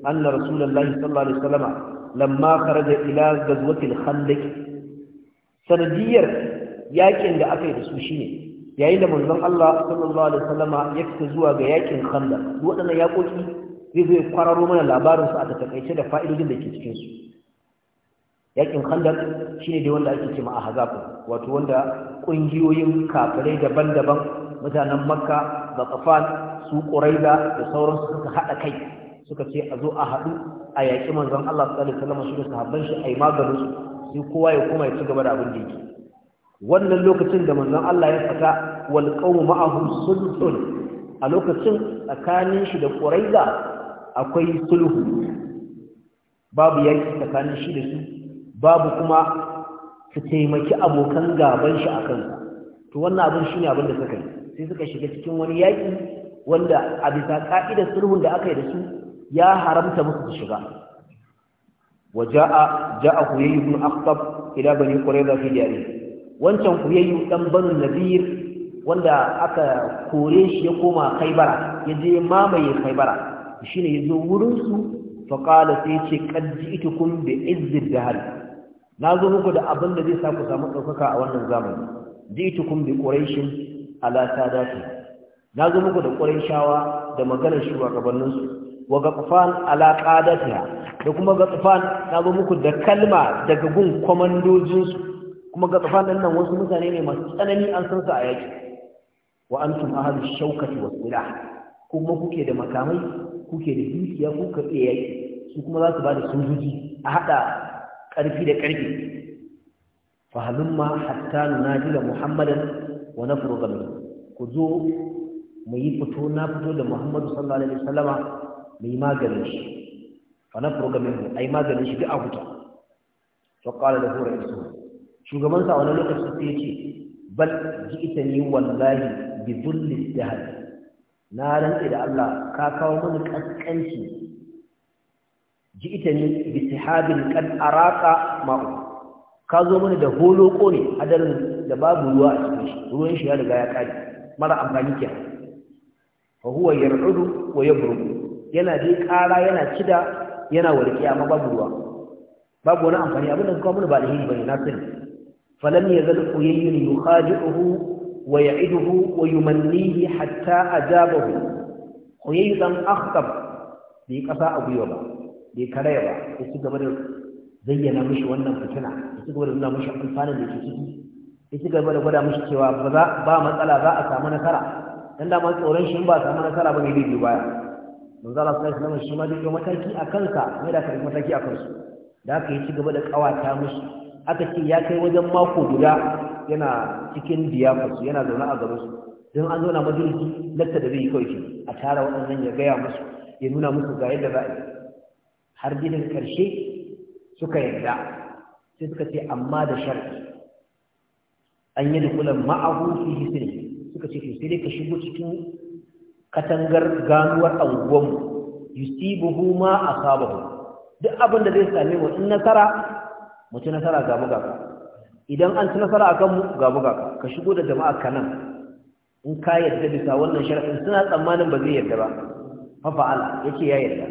anna rasulullahi sallallahu alaihi wasallama lamma kharaja ila ghazwati al-khandaq sanadiyar yakin da aka yi da su shine yayin da manzon Allah sallallahu alaihi wasallama ya fita zuwa ga yakin khandaq wadannan yakoki zai zo ya kwararo mana labarin su a takaice da fa'idodin da ke cikin su yakin khandaq shine dai wanda ake cewa ahzab wato wanda kungiyoyin kafirai daban-daban mutanen makka da tsafan su ƙuraida da sauransu suka haɗa kai suka ce a zo a haɗu a yaƙi manzon Allah sallallahu alaihi wasallam shi da sahabban shi a maganin maganinsu, sai kowa ya kuma ya ci gaba da abin da yake wannan lokacin da manzon Allah ya saka wal qawmu ma'ahu sulhun a lokacin tsakanin shi da ƙuraida akwai sulhu babu yaƙi tsakanin shi da su babu kuma su taimaki abokan gaban shi a kansa to wannan abin shine abin da suka yi sai suka shiga cikin wani yaƙi wanda a bisa ƙa'idar sulhun da aka yi da su ya haramta musu su shiga wa ja'a ja'a kuyayyu ibn aqtab ila bani qurayza fi diyari wancan kuyayyu dan banu nadir wanda aka kore shi ya koma khaybara ya je mamaye khaybara shine yazo wurin su fa qala sai ce qad ji'tukum bi izzid dahal nazo muku da abin da zai sa ku samu daukaka a wannan zamani ji'tukum bi quraishin alata dace na zo muku da ƙwarin shawa da maganar shugabanninsu wa gafan alaƙa da kuma gafan na zo muku da kalma daga gun kwamandojinsu kuma gafan ɗin nan wasu mutane ne masu tsanani an san su a yaki wa an tum ahalu shaukati wa sila kuma kuke da makamai kuke da dukiya kuka ke yaki su kuma za su ba da sojoji a haɗa ƙarfi da ƙarfi fa halumma hatta nunajila muhammadan wa nafruga min ku zo mu yi fito na fito da Muhammadu sallallahu alaihi wasallama mu yi maganin shi fa nafruga min ai maganin shi duk a huta to qala lahu isu shugaban sa wani lokaci sai yace ce bal ni wallahi bi dhulli jahl na rantsi da Allah ka kawo mini kaskanci ni bi sihabin qad araqa ma ka zo mini da holoko ne hadarin da babu ruwa a cikin shi ruwan shi ya riga ya kare mara amfani ke fa huwa yar'udu wa yabruku yana dai kara yana kida yana warke amma babu ruwa babu wani amfani abin da kuma mun ba da hin bane na sani falam yazal quyayyun yukhadi'uhu wa ya'iduhu wa yumannihi hatta ajabahu quyayy dan akhtab bi kasa a gwiwa ba bai karaya ba ya ci gaba da zayyana mishi wannan fitina ya ci gaba da nuna mishi amfanin da ke ciki ya ci gaba da gwada mashi cewa ba za ba matsala za a samu nasara dan da ma tsoron shi ba samu nasara ba ne zai baya mun zara sai shi shi ma duk mataki a kansa mai da kai mataki a kansu da aka yi ci gaba da kawata mashi aka ce ya kai wajen mako guda yana cikin diyafasu yana zaune a su don an zauna majalisi lakta da zai yi kawai a tara waɗannan ya gaya musu ya nuna musu ga yadda za a yi har gidan karshe suka yarda sai suka ce amma da sharɗi an yi da kulan ma'ahu fi hisin suka ce to sai dai ka shigo cikin katangar ganuwar anguwanmu yusibuhu ma asabahu duk abin da zai same mu in nasara mu ci nasara ga buga ka idan an ci nasara akan mu ga buga ka ka shigo da jama'a kanan in ka yadda bisa wannan sharadin suna tsammanin ba zai yarda ba fa fa'ala ce ya yarda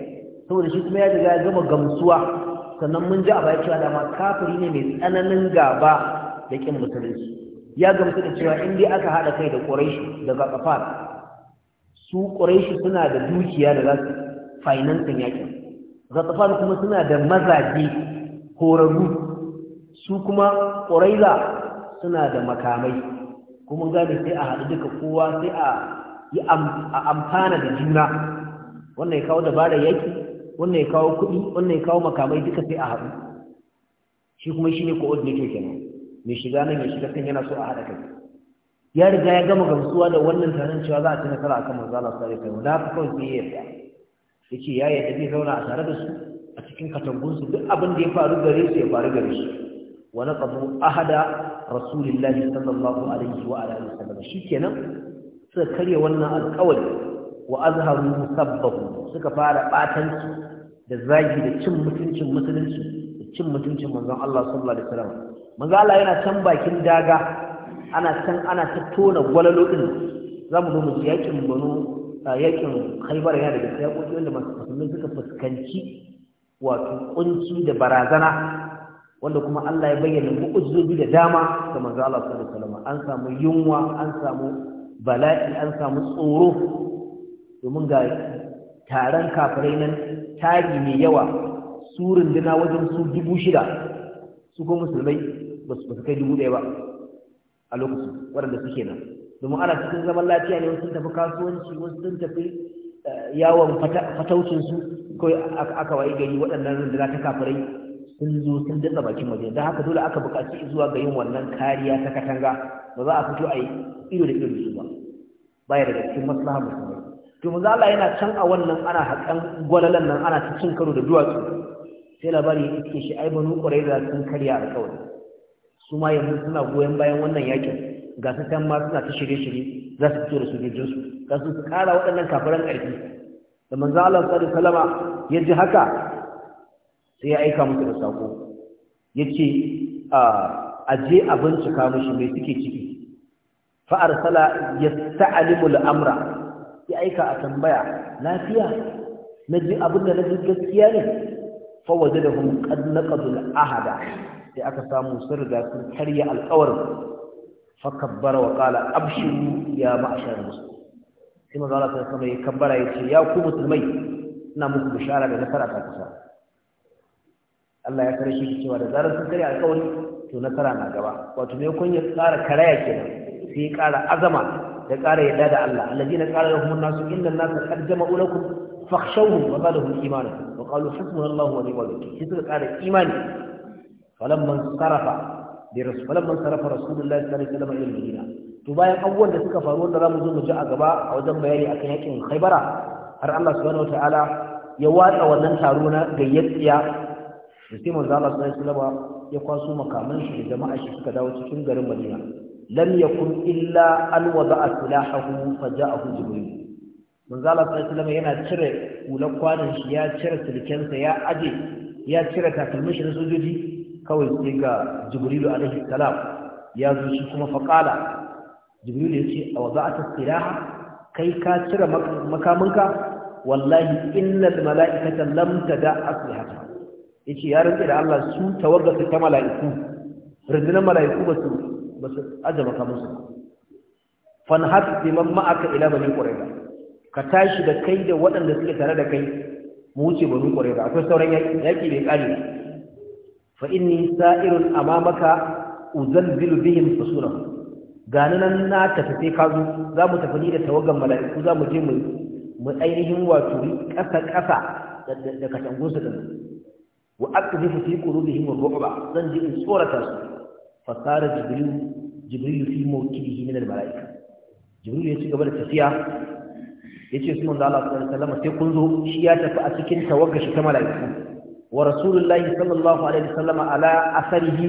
saboda shi kuma ya riga ya gama gamsuwa sannan mun ji a baya cewa dama kafiri ne mai tsananin gaba da kin musulunci ya gamsu da cewa in dai aka haɗa kai da ƙuraishi daga ƙafar su ƙuraishi suna da dukiya da zasu su yakin kuma suna da mazaje horarru su kuma ƙuraiza suna da makamai kuma gane sai a haɗu duka kowa sai a yi amfana da juna wannan ya kawo dabarar yaki wannan ya kawo kuɗi wannan ya kawo makamai duka sai a haɗu shi kuma shi ne coordinator kenan mai shiga nan ya shiga kan yana so a haɗa kai ya riga ya gama gamsuwa da wannan taron cewa za a ci nasara kan manzo Allah sallallahu alaihi wasallam da kawai sai ya yarda yace ya yarda zai zauna a tare da su a cikin katangun su duk abin da ya faru gare su ya faru gare shi. wa naqabu ahada rasulillahi sallallahu alaihi wa alihi wasallam shikenan suka karya wannan alƙawari wa azharu musabbahu suka fara batanci da zagi da cin mutuncin musulunci cin mutuncin manzon Allah sallallahu alaihi wasallam manzon Allah yana can bakin daga ana can ana ta tona gwalalo din zamu zo mu ji yakin banu yakin Khaibar yana daga yakoki wanda masu suka fuskanci wato kunci da barazana wanda kuma Allah ya bayyana mu uzubi da dama ga manzon Allah sallallahu alaihi wasallam an samu yunwa an samu bala'i an samu tsoro domin ga taron kafirai nan tari mai yawa su runduna wajen su dubu shida su kuma musulmai ba su kai dubu ɗaya ba a lokacin waɗanda suke nan domin ana cikin zaman lafiya ne wasu sun tafi kasuwanci wasu sun tafi eh, yawon fataucinsu kawai aka waye gari waɗannan runduna ta kafirai sun zo sun datsa bakin waje don haka dole aka buƙaci zuwa ga yin wannan kariya ta katanga ba za a fito a yi ido da ido da su ba baya daga cikin maslaha musulmai to za Allah yana can a wannan ana haƙan gwalalan nan ana cin karo da duwatsu sai labari ya iske shi ai banu da sun karya alkawari su ma yanzu suna goyon bayan wannan yakin ga su can ma suna ta shirye-shirye za su fito da sojojinsu ga su kara waɗannan kafiran ƙarfi da manzo Allah sallallahu salama ya ji haka sai ya aika musu da sako yace a je a bincika mushi mai suke ciki fa arsala yasta'limu al-amra ya aika a tambaya lafiya naji abinda da naji gaskiya ne فوجدهم قد نقضوا العهد اي اكثروا سرغا كريا القور فكبر وقال ابشروا يا معشر المسلمين كما قال الله كما يكبر اي يا قوم المسلمين ان مكم بشاره بنفرك اكثر الله يا كريشي كيوا ده زار سكري القور تو نترا نا غبا وقت ما يكون يقار كريا كده في قال عظمه ده قال يداد الله الذين قال لهم الناس ان الناس قد جمعوا لكم fakhshawhum wa zadahum imana wa qalu hasbuna Allahu wa ni'mal wakeel shi suka ƙara imani falamman sarafa bi rasul falamman sarafa rasulullahi sallallahu alaihi wasallam ila madina to bayan abubuwan da suka faru wanda zamu zo mu ji a gaba a wajen bayani akan yakin Khaibara har Allah subhanahu wataala ya watsa wannan taro na gayyatsiya da sai manzo Allah sallallahu alaihi wasallam ya kwaso makaman shi da jama'a shi suka dawo cikin garin Madina lam yakun illa an wada'a silahahu faja'ahu jibril manzala sallallahu yana cire hular kwanan shi ya cire silkensa ya aje ya cire takalmin shi na sojoji kawai sai ga jibrilu alaihi salam ya zo shi kuma faqala jibrilu ya ce a wada'ata silaha kai ka cire makaminka wallahi innal mala'ikata lam tada aslihata yace ya rantsa da Allah su tawaggata ta mala'iku rundunar mala'iku ba su ba su azama kamusu fanhat biman aka ila bani qurayza ka tashi da kai da waɗanda suke tare da kai mu wuce ba mu banu ba. akwai sauran yaki da ya ƙare fa inni sa'irun amamaka uzalzilu bihim fusurahum gani nan na tafi sai ka zo za mu tafi ni da tawagan mala'iku za mu je mu mu ainihin wato ƙasa ƙasa da katangun su dinnan wa aqdhifu fi qulubihim ar-ru'ba zan ji in tsorata su fa sara jibril jibril fi mawqidihi min al-mala'ika jibril ya ci gaba da tafiya yace su manzo Allah sallallahu alaihi wasallam sai kun zo shi ya tafi a cikin tawagga shi ta malaiku wa rasulullahi sallallahu alaihi wasallam ala asarihi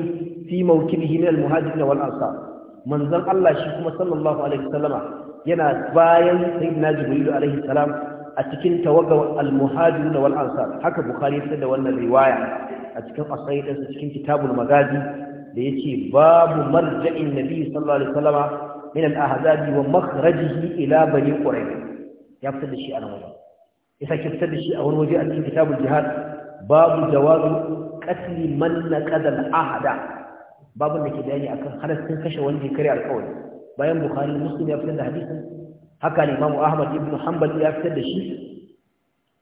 fi mawkibihi min al-muhajirin wal ansar manzon Allah shi kuma sallallahu alaihi wasallam yana bayan sayyidina jibril alaihi salam a cikin tawagga al-muhajirin wal ansar haka bukhari ya da wannan riwaya a cikin asai da cikin kitabul magazi da yace babu marja'in nabi sallallahu alaihi wasallam min al-ahzabi wa makhrajihi ila bani quraish ya fitar da shi a nan ya sake fitar da shi a wani waje a cikin kitabul jihad babu jawazu qatli man naqada al-ahda da ke bayani akan halaccin kashe wanda ya karya alƙawari bayan bukhari muslim ya fitar da hadisin haka ne imamu ahmad ibn hanbal ya fitar da shi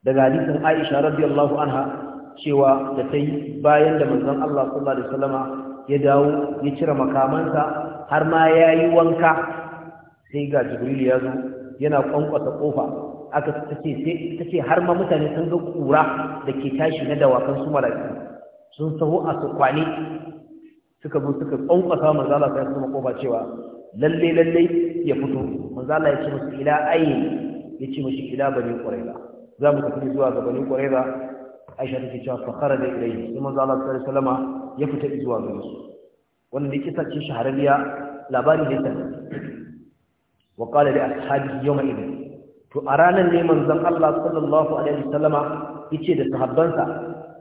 daga hadisin aisha radiyallahu anha cewa da ta yi bayan da manzon Allah sallallahu alaihi wasallama ya dawo ya cire makamansa har ma yayi wanka sai ga jibril ya zo yana kwankwasa kofa aka tace tace har ma mutane sun ga kura da ke tashi na dawakan su malaiku sun sahu a su kwane suka zo suka kwankwasa manzo Allah sai su kofa cewa lalle lalle ya fito manzo ya ce musu ila ayi ya ce musu ila bani qurayza za mu tafi zuwa ga bani qurayza Aisha take cewa fa kharaja ilayhi sai manzo Allah sallallahu alaihi ya fita zuwa ga su wannan ya kisa ce shahararriya labari ne ta wa qala li ashabihi yawma idin to a ranar ne manzon Allah sallallahu alaihi wasallama yace da sahabbansa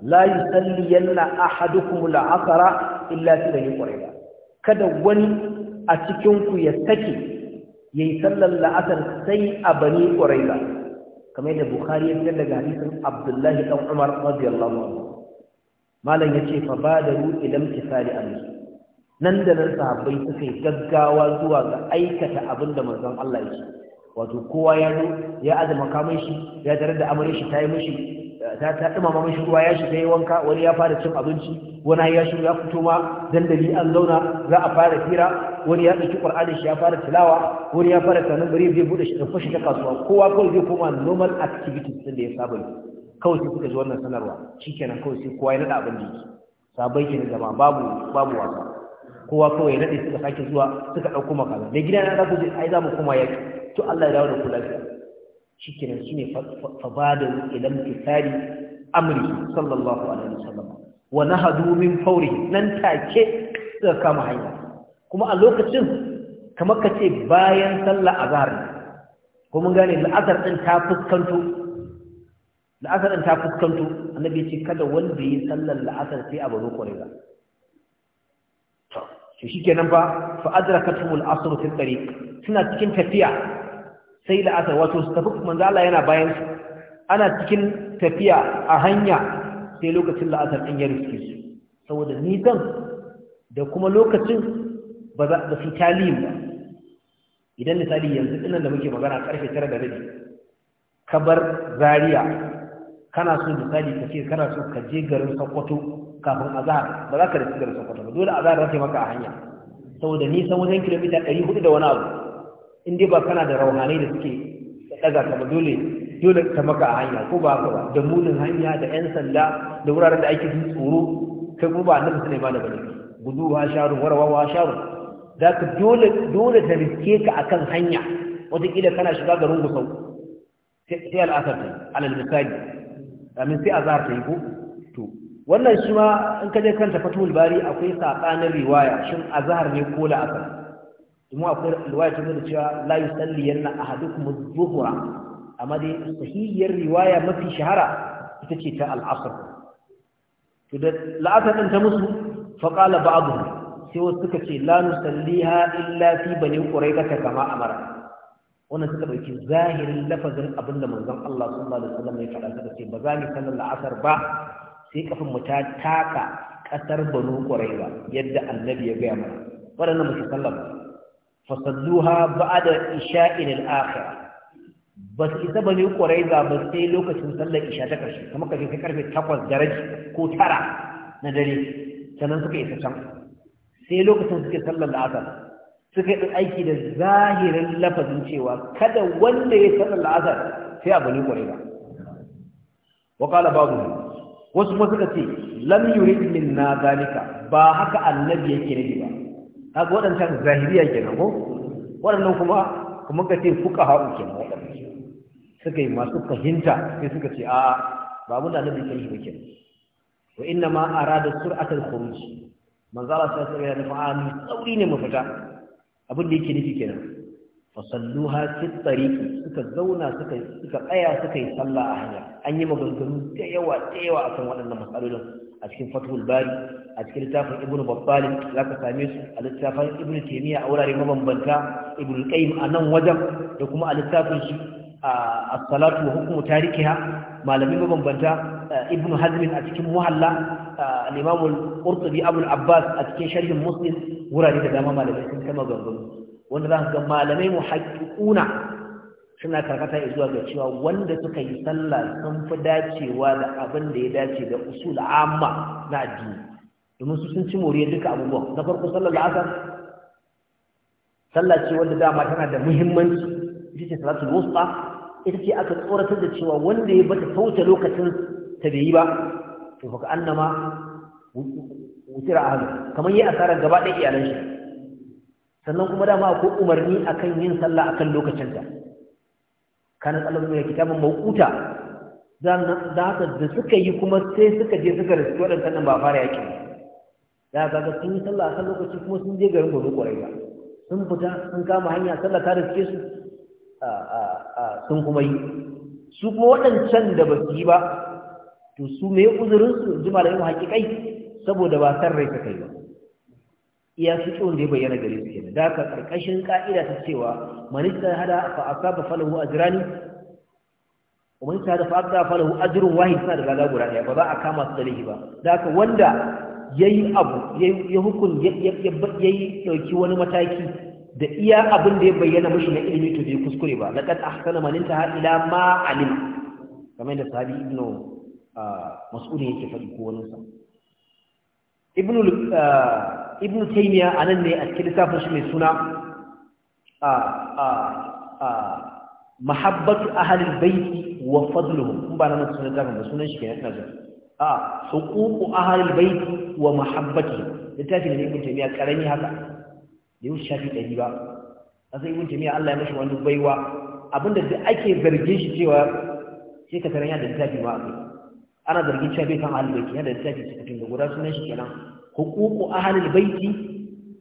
la yusalli yanna ahadukum al-asra illa fi bani kada wani a cikin ku ya take yayi sallar la'asar sai a bani qurayza kamar yadda bukhari ya daga hadisin abdullahi dan umar radiyallahu anhu malam yace fa badaru idan tisali alayhi nan da nan sahabbai suka yi gaggawa zuwa ga aikata abin da manzon Allah ya ce wato kowa ya zo ya azama kamar shi ya tare da amare shi ta yi mishi ta ta dumama mishi ruwa ya shiga yi wanka wani ya fara cin abinci wani ya shiga ya fito ma dandali an zauna za a fara fira wani ya ɗauki ƙur'ani shi ya fara tilawa wani ya fara tanin gari zai buɗe shi da fashi ta kasuwa kowa kawai zai koma normal activities din da ya saba yi kawai sai kuka ji wannan sanarwa shikenan kawai sai kowa ya naɗa abin da yake sabai kenan gaba babu babu wasa kowa kawai ya daɗe suka sake zuwa suka ɗauko makala mai gida na za je ai za mu koma yaƙi to Allah ya dawo da kula lafiya shi kenan shi ne fabadar ilan fitari amri sallallahu alaihi wasallam wa nahadu min fauri nan take suka kama hanya kuma a lokacin kamar ka ce bayan sallah azhar ko mun gane la'asar din ta fuskanto la'asar din ta fuskanto annabi ya ce kada wanda yi sallar la'asar sai a baro kwarewa shi kenan ba fa adrakatumul asr fi tariq suna cikin tafiya sai da asar wato su tafi manzo Allah yana bayan su ana cikin tafiya a hanya sai lokacin la'asar ɗin ya riske su saboda nisan da kuma lokacin ba za su talim idan misali yanzu ɗinan da muke magana karfe tara da rabi ka bar zaria kana so misali kace kana so ka je garin Sokoto. kafin azahar, ba za ka da cikin sokoto ba dole azhar rake maka a hanya saboda nisan wajen kilomita ɗari hudu da wani abu in dai ba kana da rauhanai da suke ɗaga ka ba dole dole ta maka a hanya ko ba ka ba da munin hanya da yan sanda da wuraren da ake jin tsoro kai ko ba annabi sunai ba da bane gudu ba sharu warawa ba sharu za ka dole dole ta riske ka akan hanya wataƙila kana shiga garin gusau sai al'asar ta alal misali amin sai azhar ta yi ko wannan shi ma in ka je kan tafatul bari akwai sakanin riwaya shin azhar ne ko la'asar kuma akwai riwaya ta nuna cewa la yusalli yanna ahadukum az amma dai sahihiyar riwaya mafi shahara ita ce ta al-asr to da la'asar din ta musu fa qala ba'dhum sai wasu suka ce la nusalliha illa fi bani qurayza kama amara wannan suka dauki zahirin lafazin abinda manzon Allah sallallahu alaihi wasallam ya faɗa suka ce ba za ni sallar la'asar ba sai kafin mu ta taka ƙasar banu ba, yadda annabi ya gaya mana muke musu ba. fasalluha ba'da isha'in al-akhir ba su isa banu ƙwaraiba ba sai lokacin sallar isha ta ƙarshe kamar kaje sai karfe 8 da ko 9 na dare sannan suka isa can sai lokacin suke sallar la'asar suka yi aiki da zahirin lafazin cewa kada wanda ya sallar la'asar sai a banu ƙwaraiba ba. qala ba'dhum wasu kuma suka ce lam yurid minna zalika ba haka annabi yake nabi ba kaga wadannan zahiriya kenan ko waɗannan kuma kuma ka ce hau kenan waɗannan suka yi masu fahimta sai suka ce a ba mun da annabi yake nufi kenan wa inna ma arada al khuruj manzala sai sai ya nufa a sauri ne mu fita abin da yake nufi kenan fasalluha fi tariqi suka zauna suka suka tsaya suka yi sallah a hanya an yi maganganu da yawa da yawa akan waɗannan matsalolin a cikin fathul bari a cikin littafin ibnu babbal zaka same su a littafin ibnu taymiya a wurare mabambanta ibnu qayyim a nan wajen da kuma a littafin shi as-salatu wa hukmu tarikiha malamin mabambanta eh, ibnu hazm a cikin muhalla eh, al-imam al-qurtubi abul abbas a cikin sharhin muslim wurare da dama malamai sun kama ganganu wanda za ga malamai muhaqqiquna suna karkata zuwa ga cewa wanda suka yi sallah sun fi dacewa da abin da ya dace da usul amma na addini domin su sun ci moriyar duka abubuwan na farko sallar da sallah ce wanda dama tana da muhimmanci ita ce salatul wusta ita ce aka tsoratar da cewa wanda ya bata tauce lokacin ta bai yi ba to fa annama wutira ahlu kamar yi asarar gaba ɗaya iyalan shi sannan kuma dama ko umarni akan yin sallah akan lokacinta kana sallar mai kitabun mawquta dan da haka da suka yi kuma sai suka je suka rasu wadannan nan ba fara yaki da haka ga sun yi sallah akan lokaci kuma sun je garin gobe kwarai ba sun fita sun kama hanya sallah ta riske su a a a sun kuma yi su kuma waɗancan da ba su yi ba to su me uzurin su da malamin hakikai saboda ba san rai ta kai ba iya fiƙon da ya bayyana gare su kenan da haka karkashin ka'ida ta cewa manista hada fa asaba falahu ajrani ومن سهد فأبدا فله أجر واحد سنة لا غابر عليه فبا أكاما صليه با ذاك وندا yayi abu ya hukun yayi dauki wani mataki da iya abin da ya bayyana mashi na ilimi to bai kuskure ba Na laqad ahsana man intaha ila ma alim kamar da sahabi ibnu ah, mas'ud ke faɗi ko wani sa ibnu ah, ibn taymiya anan ne a cikin littafin shi mai suna a a a mahabbatu ahlil baiti wa fadluhum kun ba nan sunan littafin ba sunan shi kenan kaza a huququ ahlil baiti wa mahabbatuhum littafin ne ibn taymiya karami haka da yau shafi dari ba sai ibn taymiya Allah ya mashi wani baiwa abinda duk ake zargin shi cewa sai ka tarayya da littafi ba ana zargin cewa bai san ahlul baiti yana da littafi cikin da guda sunan shi kenan hukuku ahalil baiti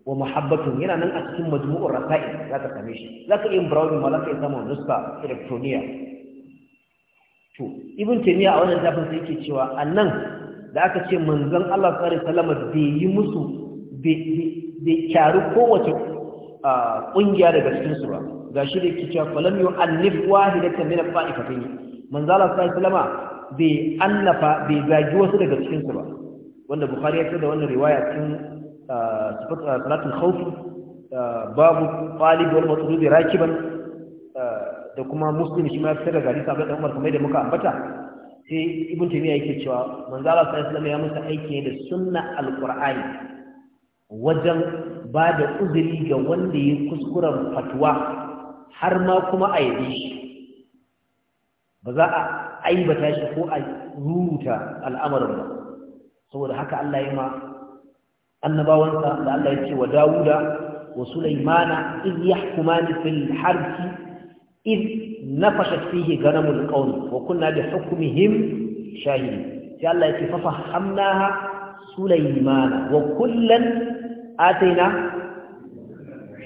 wa muhabbatun yana nan a cikin majmu'ur rasail za ka same shi Zaka ka iya browsing ma za ka iya samun nuska electroniya to ibn taymiya a wannan zafin sai yake cewa annan da aka ce manzon Allah sallallahu alaihi wasallam bai yi musu bai kyaru kowace kungiya daga cikin su ba gashi da yake cewa falam yu'annif wahidatan min al-fa'ifatayn manzon Allah sallallahu alaihi wasallam bai annafa bai zagi wasu daga cikin su ba wanda bukhari ya da wannan riwaya cikin ah, ah, salatul khawf ah, babu qalib wal matlub rakiban da kuma muslim shi ma ya fitar da hadisi da Umar kamar da muka ambata sai ibn taymiya yake cewa manzo Allah sallallahu alaihi ya musa aiki da sunna alqur'ani wajen ba da uzuri ga wanda ya kuskuren fatwa har ma kuma a yabe shi ba za a aibata shi ko a ruruta al'amarin ba saboda haka Allah ya ma annabawansa da Allah ya ce wa Dawuda wa Sulaimana iz yahkumani fil harbi iz nafashat fihi ganamul qawm wa kunna bi hukmihim shahidin sai Allah ya ce fa fahamnaha Sulaimana wa kullan ataina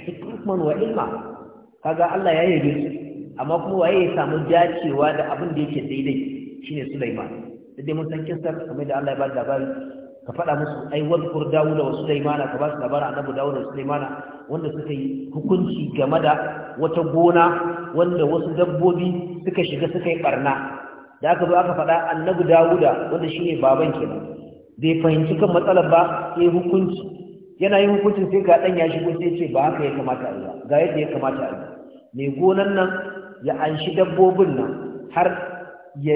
hikman wa ilma kaga Allah ya yi amma kuma waye ya samu dacewa da abin da yake daidai shine Sulaiman da dai mun san kisar kamar da Allah ya bada labari ka faɗa musu ai wadkur dawuda wa sulaimana ka ba su labarin annabi dawuda wa sulaimana wanda suka yi hukunci game da wata gona wanda wasu dabbobi suka shiga suka yi barna da aka zo aka faɗa annabi dawuda wanda shine baban ke bai fahimci kan matsalar ba sai hukunci yana yin hukuncin sai ga dan ya shigo sai ce ba haka ya kamata a yi ga yadda ya kamata a yi mai gonan nan ya anshi dabbobin nan har ya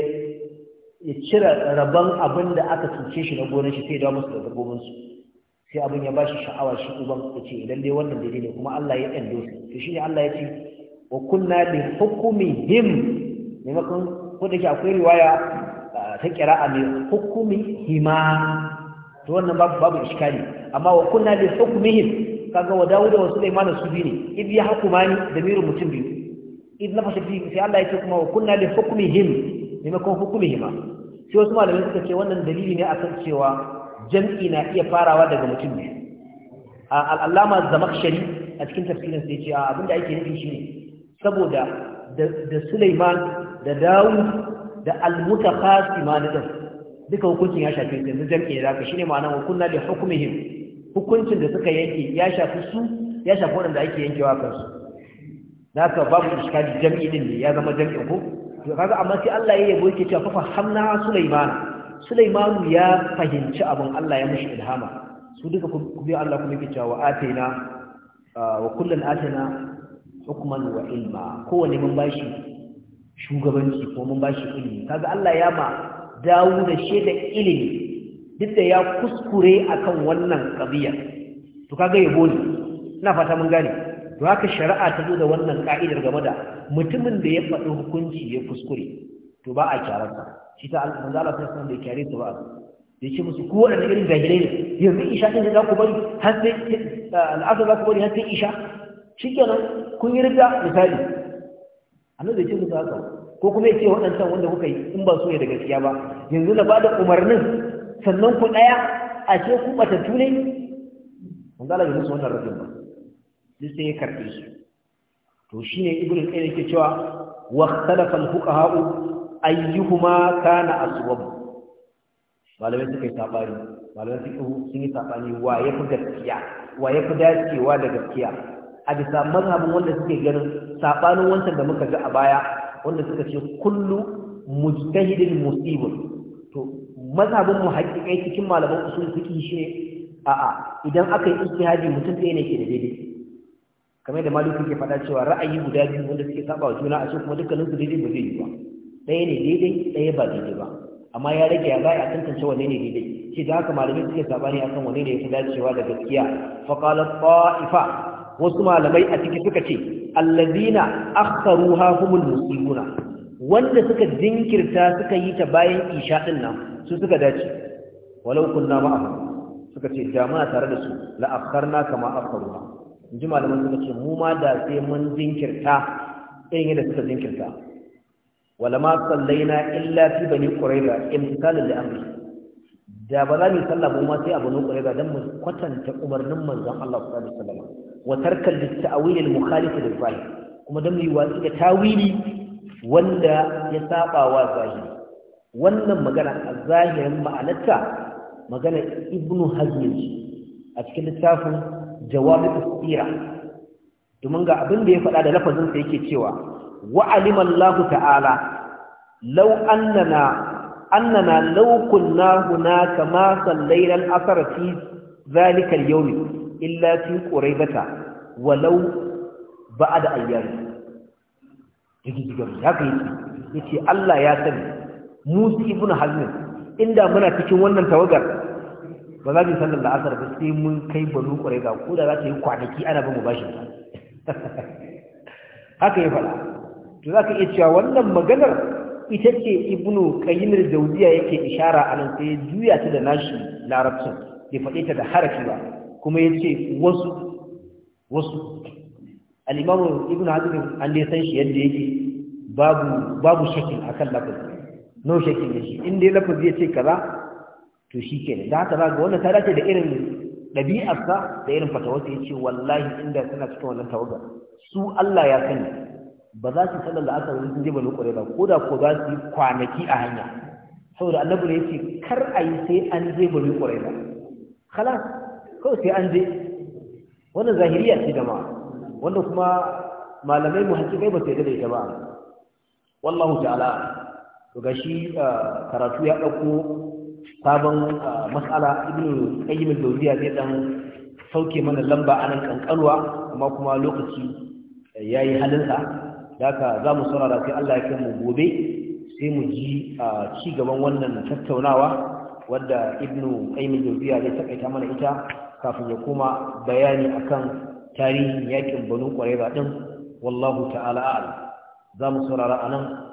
ya cire rabon abin da aka cuce shi na gonar shi sai da musu da dabbobin su sai abin ya bashi sha'awa shi uban ya ce idan dai wannan daidai ne kuma Allah ya ɗan dosi to ne Allah ya ce wa kunna bi hukumihim maimakon ko da ke akwai riwaya ta kira'a mai hukumi hima to wannan babu babu iskari amma wa kunna bi him kaga wa Dawud wa Sulaiman su bi ne id ya hukumani da mirin mutum biyu id fashe bi sai Allah ya ce kuma wa kunna li hukmihim maimakon hima sai wasu malamai suka ce wannan dalili ne akan cewa jam'i na iya farawa daga mutum ne al'allama zamakshari a cikin tafsirin sai ce a abinda ake nufi shi ne saboda da Suleiman, da Dawud da al-mutaqasiman din duka hukuncin ya shafe su yanzu jam'i da ka shine ma'anar hukunna li hukmihim hukuncin da suka yanke ya shafi su ya shafi wanda ake yankewa kansu naka babu iskali jam'i din ne ya zama jam'i ko to kaga amma sai Allah ya yabo yake cewa fa hamna Sulaiman Sulaiman ya fahimci abin Allah ya mishi ilhama su duka ku Allah kuma yake cewa ataina wa kullun ataina hukman wa ilma kowane mun bashi shugabanci ko mun bashi ilimi kaga Allah ya ma dawo da shi da ilimi duk da ya kuskure akan wannan kabiya to kaga yabo ne ina fata mun gane to haka shari'a ta zo da wannan ka'idar game da mutumin da ya faɗi hukunci ya fuskure. to ba a kyararsa shi ta manzo Allah sai san da kyare su ba da yake musu ko wanda irin gajire ne yanzu isha din za ku bari har sai eh, al'azar za ku bari har sai isha shikenan kun yi riga misali annabi zai ce musu haka ko kuma ya ce waɗancan wanda kuka yi in ba su ne da gaskiya ba yanzu na bada umarnin sannan ku ɗaya a ce ku ɓatattu ne manzo Allah bai musu wannan rajin ba duk sai ya karbe su to shine ibnu qayyim yake cewa wa ikhtalafa al-fuqaha ayyuhuma kana aswab malamai suka yi sabani malamai suka sun yi sabani wa yafi gaskiya wa yafi dacewa da gaskiya a bisa mazhabin wanda suke ganin sabanin wancan da muka ga a baya wanda suka ce kullu mujtahidin musibun to mazhabin mu hakikai cikin malaman usul fiqh shine a'a idan aka yi ijtihadi mutum ɗaya ne ke da daidai kamar da maliki ke faɗa cewa ra'ayi guda biyu wanda suke saba wa juna a cikin kuma dukkanin su daidai ba zai yi ba ɗaya ne daidai ɗaya ba daidai ba amma ya rage ya zai a tantance wanne ne daidai shi da haka malamai suke sabani akan wanne ne ya fi dacewa da gaskiya fa qala ta'ifa wasu malamai a ciki suka ce allazina akharuha humul muslimuna wanda suka jinkirta suka yi ta bayan isha din nan su suka dace walau kunna ma'ahum suka ce jama'a tare da su la akharna kama akharuha Inji ji malaman suka ce mu ma da sai mun jinkirta irin yadda suka zinkirta. wala ma sallaina illa fi bani qurayza imtisalan li amri da ba za mu sallah mu ma sai a bani qurayza dan mu kwatanta umarnin manzon Allah sallallahu alaihi wasallam wa tarkal litta'wil al-mukhalif lil zahir kuma dan mu watsi da tawili wanda ya saba wa zahiri wannan magana a zahirin ma'anarta magana ibnu hazm a cikin littafin jawabi tsira domin ga abin da ya faɗa da lafazin sa yake cewa wa alima Allah ta'ala law annana annana law kunna hunaka ma sallaina al-asr fi zalika al-yawm illa fi quraybata walau ba'da ayyam digidigar haka yake yace Allah ya sani Musa ibn Hazm inda muna cikin wannan tawagar ba za mu sallar la'asar ba sai mun kai balu ƙwarai ga ko za ta yi kwanaki ana ba mu bashi ta haka ya faɗa to za ka iya cewa wannan maganar ita ce ibnu qayyimul jawziya yake ishara a nan sai juya ta da nashi larabcin ya faɗe ta da harafi ba kuma ya ce wasu wasu Alimamu ibnu hazm an dai san shi yadda yake babu babu shakin akan lafazin no shakin shi? in dai lafazi ya ce kaza to shi ke da haka za ga wannan ta dace da irin ɗabi'arsa da irin fatawarsa ya ce wallahi inda suna cikin wannan tawagar su Allah ya sani ba za su sallar da aka wani sun je bani ƙwarai ba ko da ko za su yi kwanaki a hanya saboda annabi ne ya ce kar a yi sai an je bani ƙwarai ba kala kawai sai an je wannan zahiriya ce jama'a wanda kuma malamai mu hakikai ba su yarda da ita ba wallahu ta'ala to gashi eh, karatu ya ɗauko sabon ah, matsala ibn qayyim al-jawziya zai dan sauke mana lamba anan kankanwa amma kuma lokaci eh, yayi halinsa za zamu saurara sai Allah ya kai mu gobe sai mu ji ah, ci gaban wannan tattaunawa wanda ibn qayyim al-jawziya zai takaita mana ita kafin ya koma bayani akan tarihin yakin banu qurayza din wallahu ta'ala a'lam mu saurara anan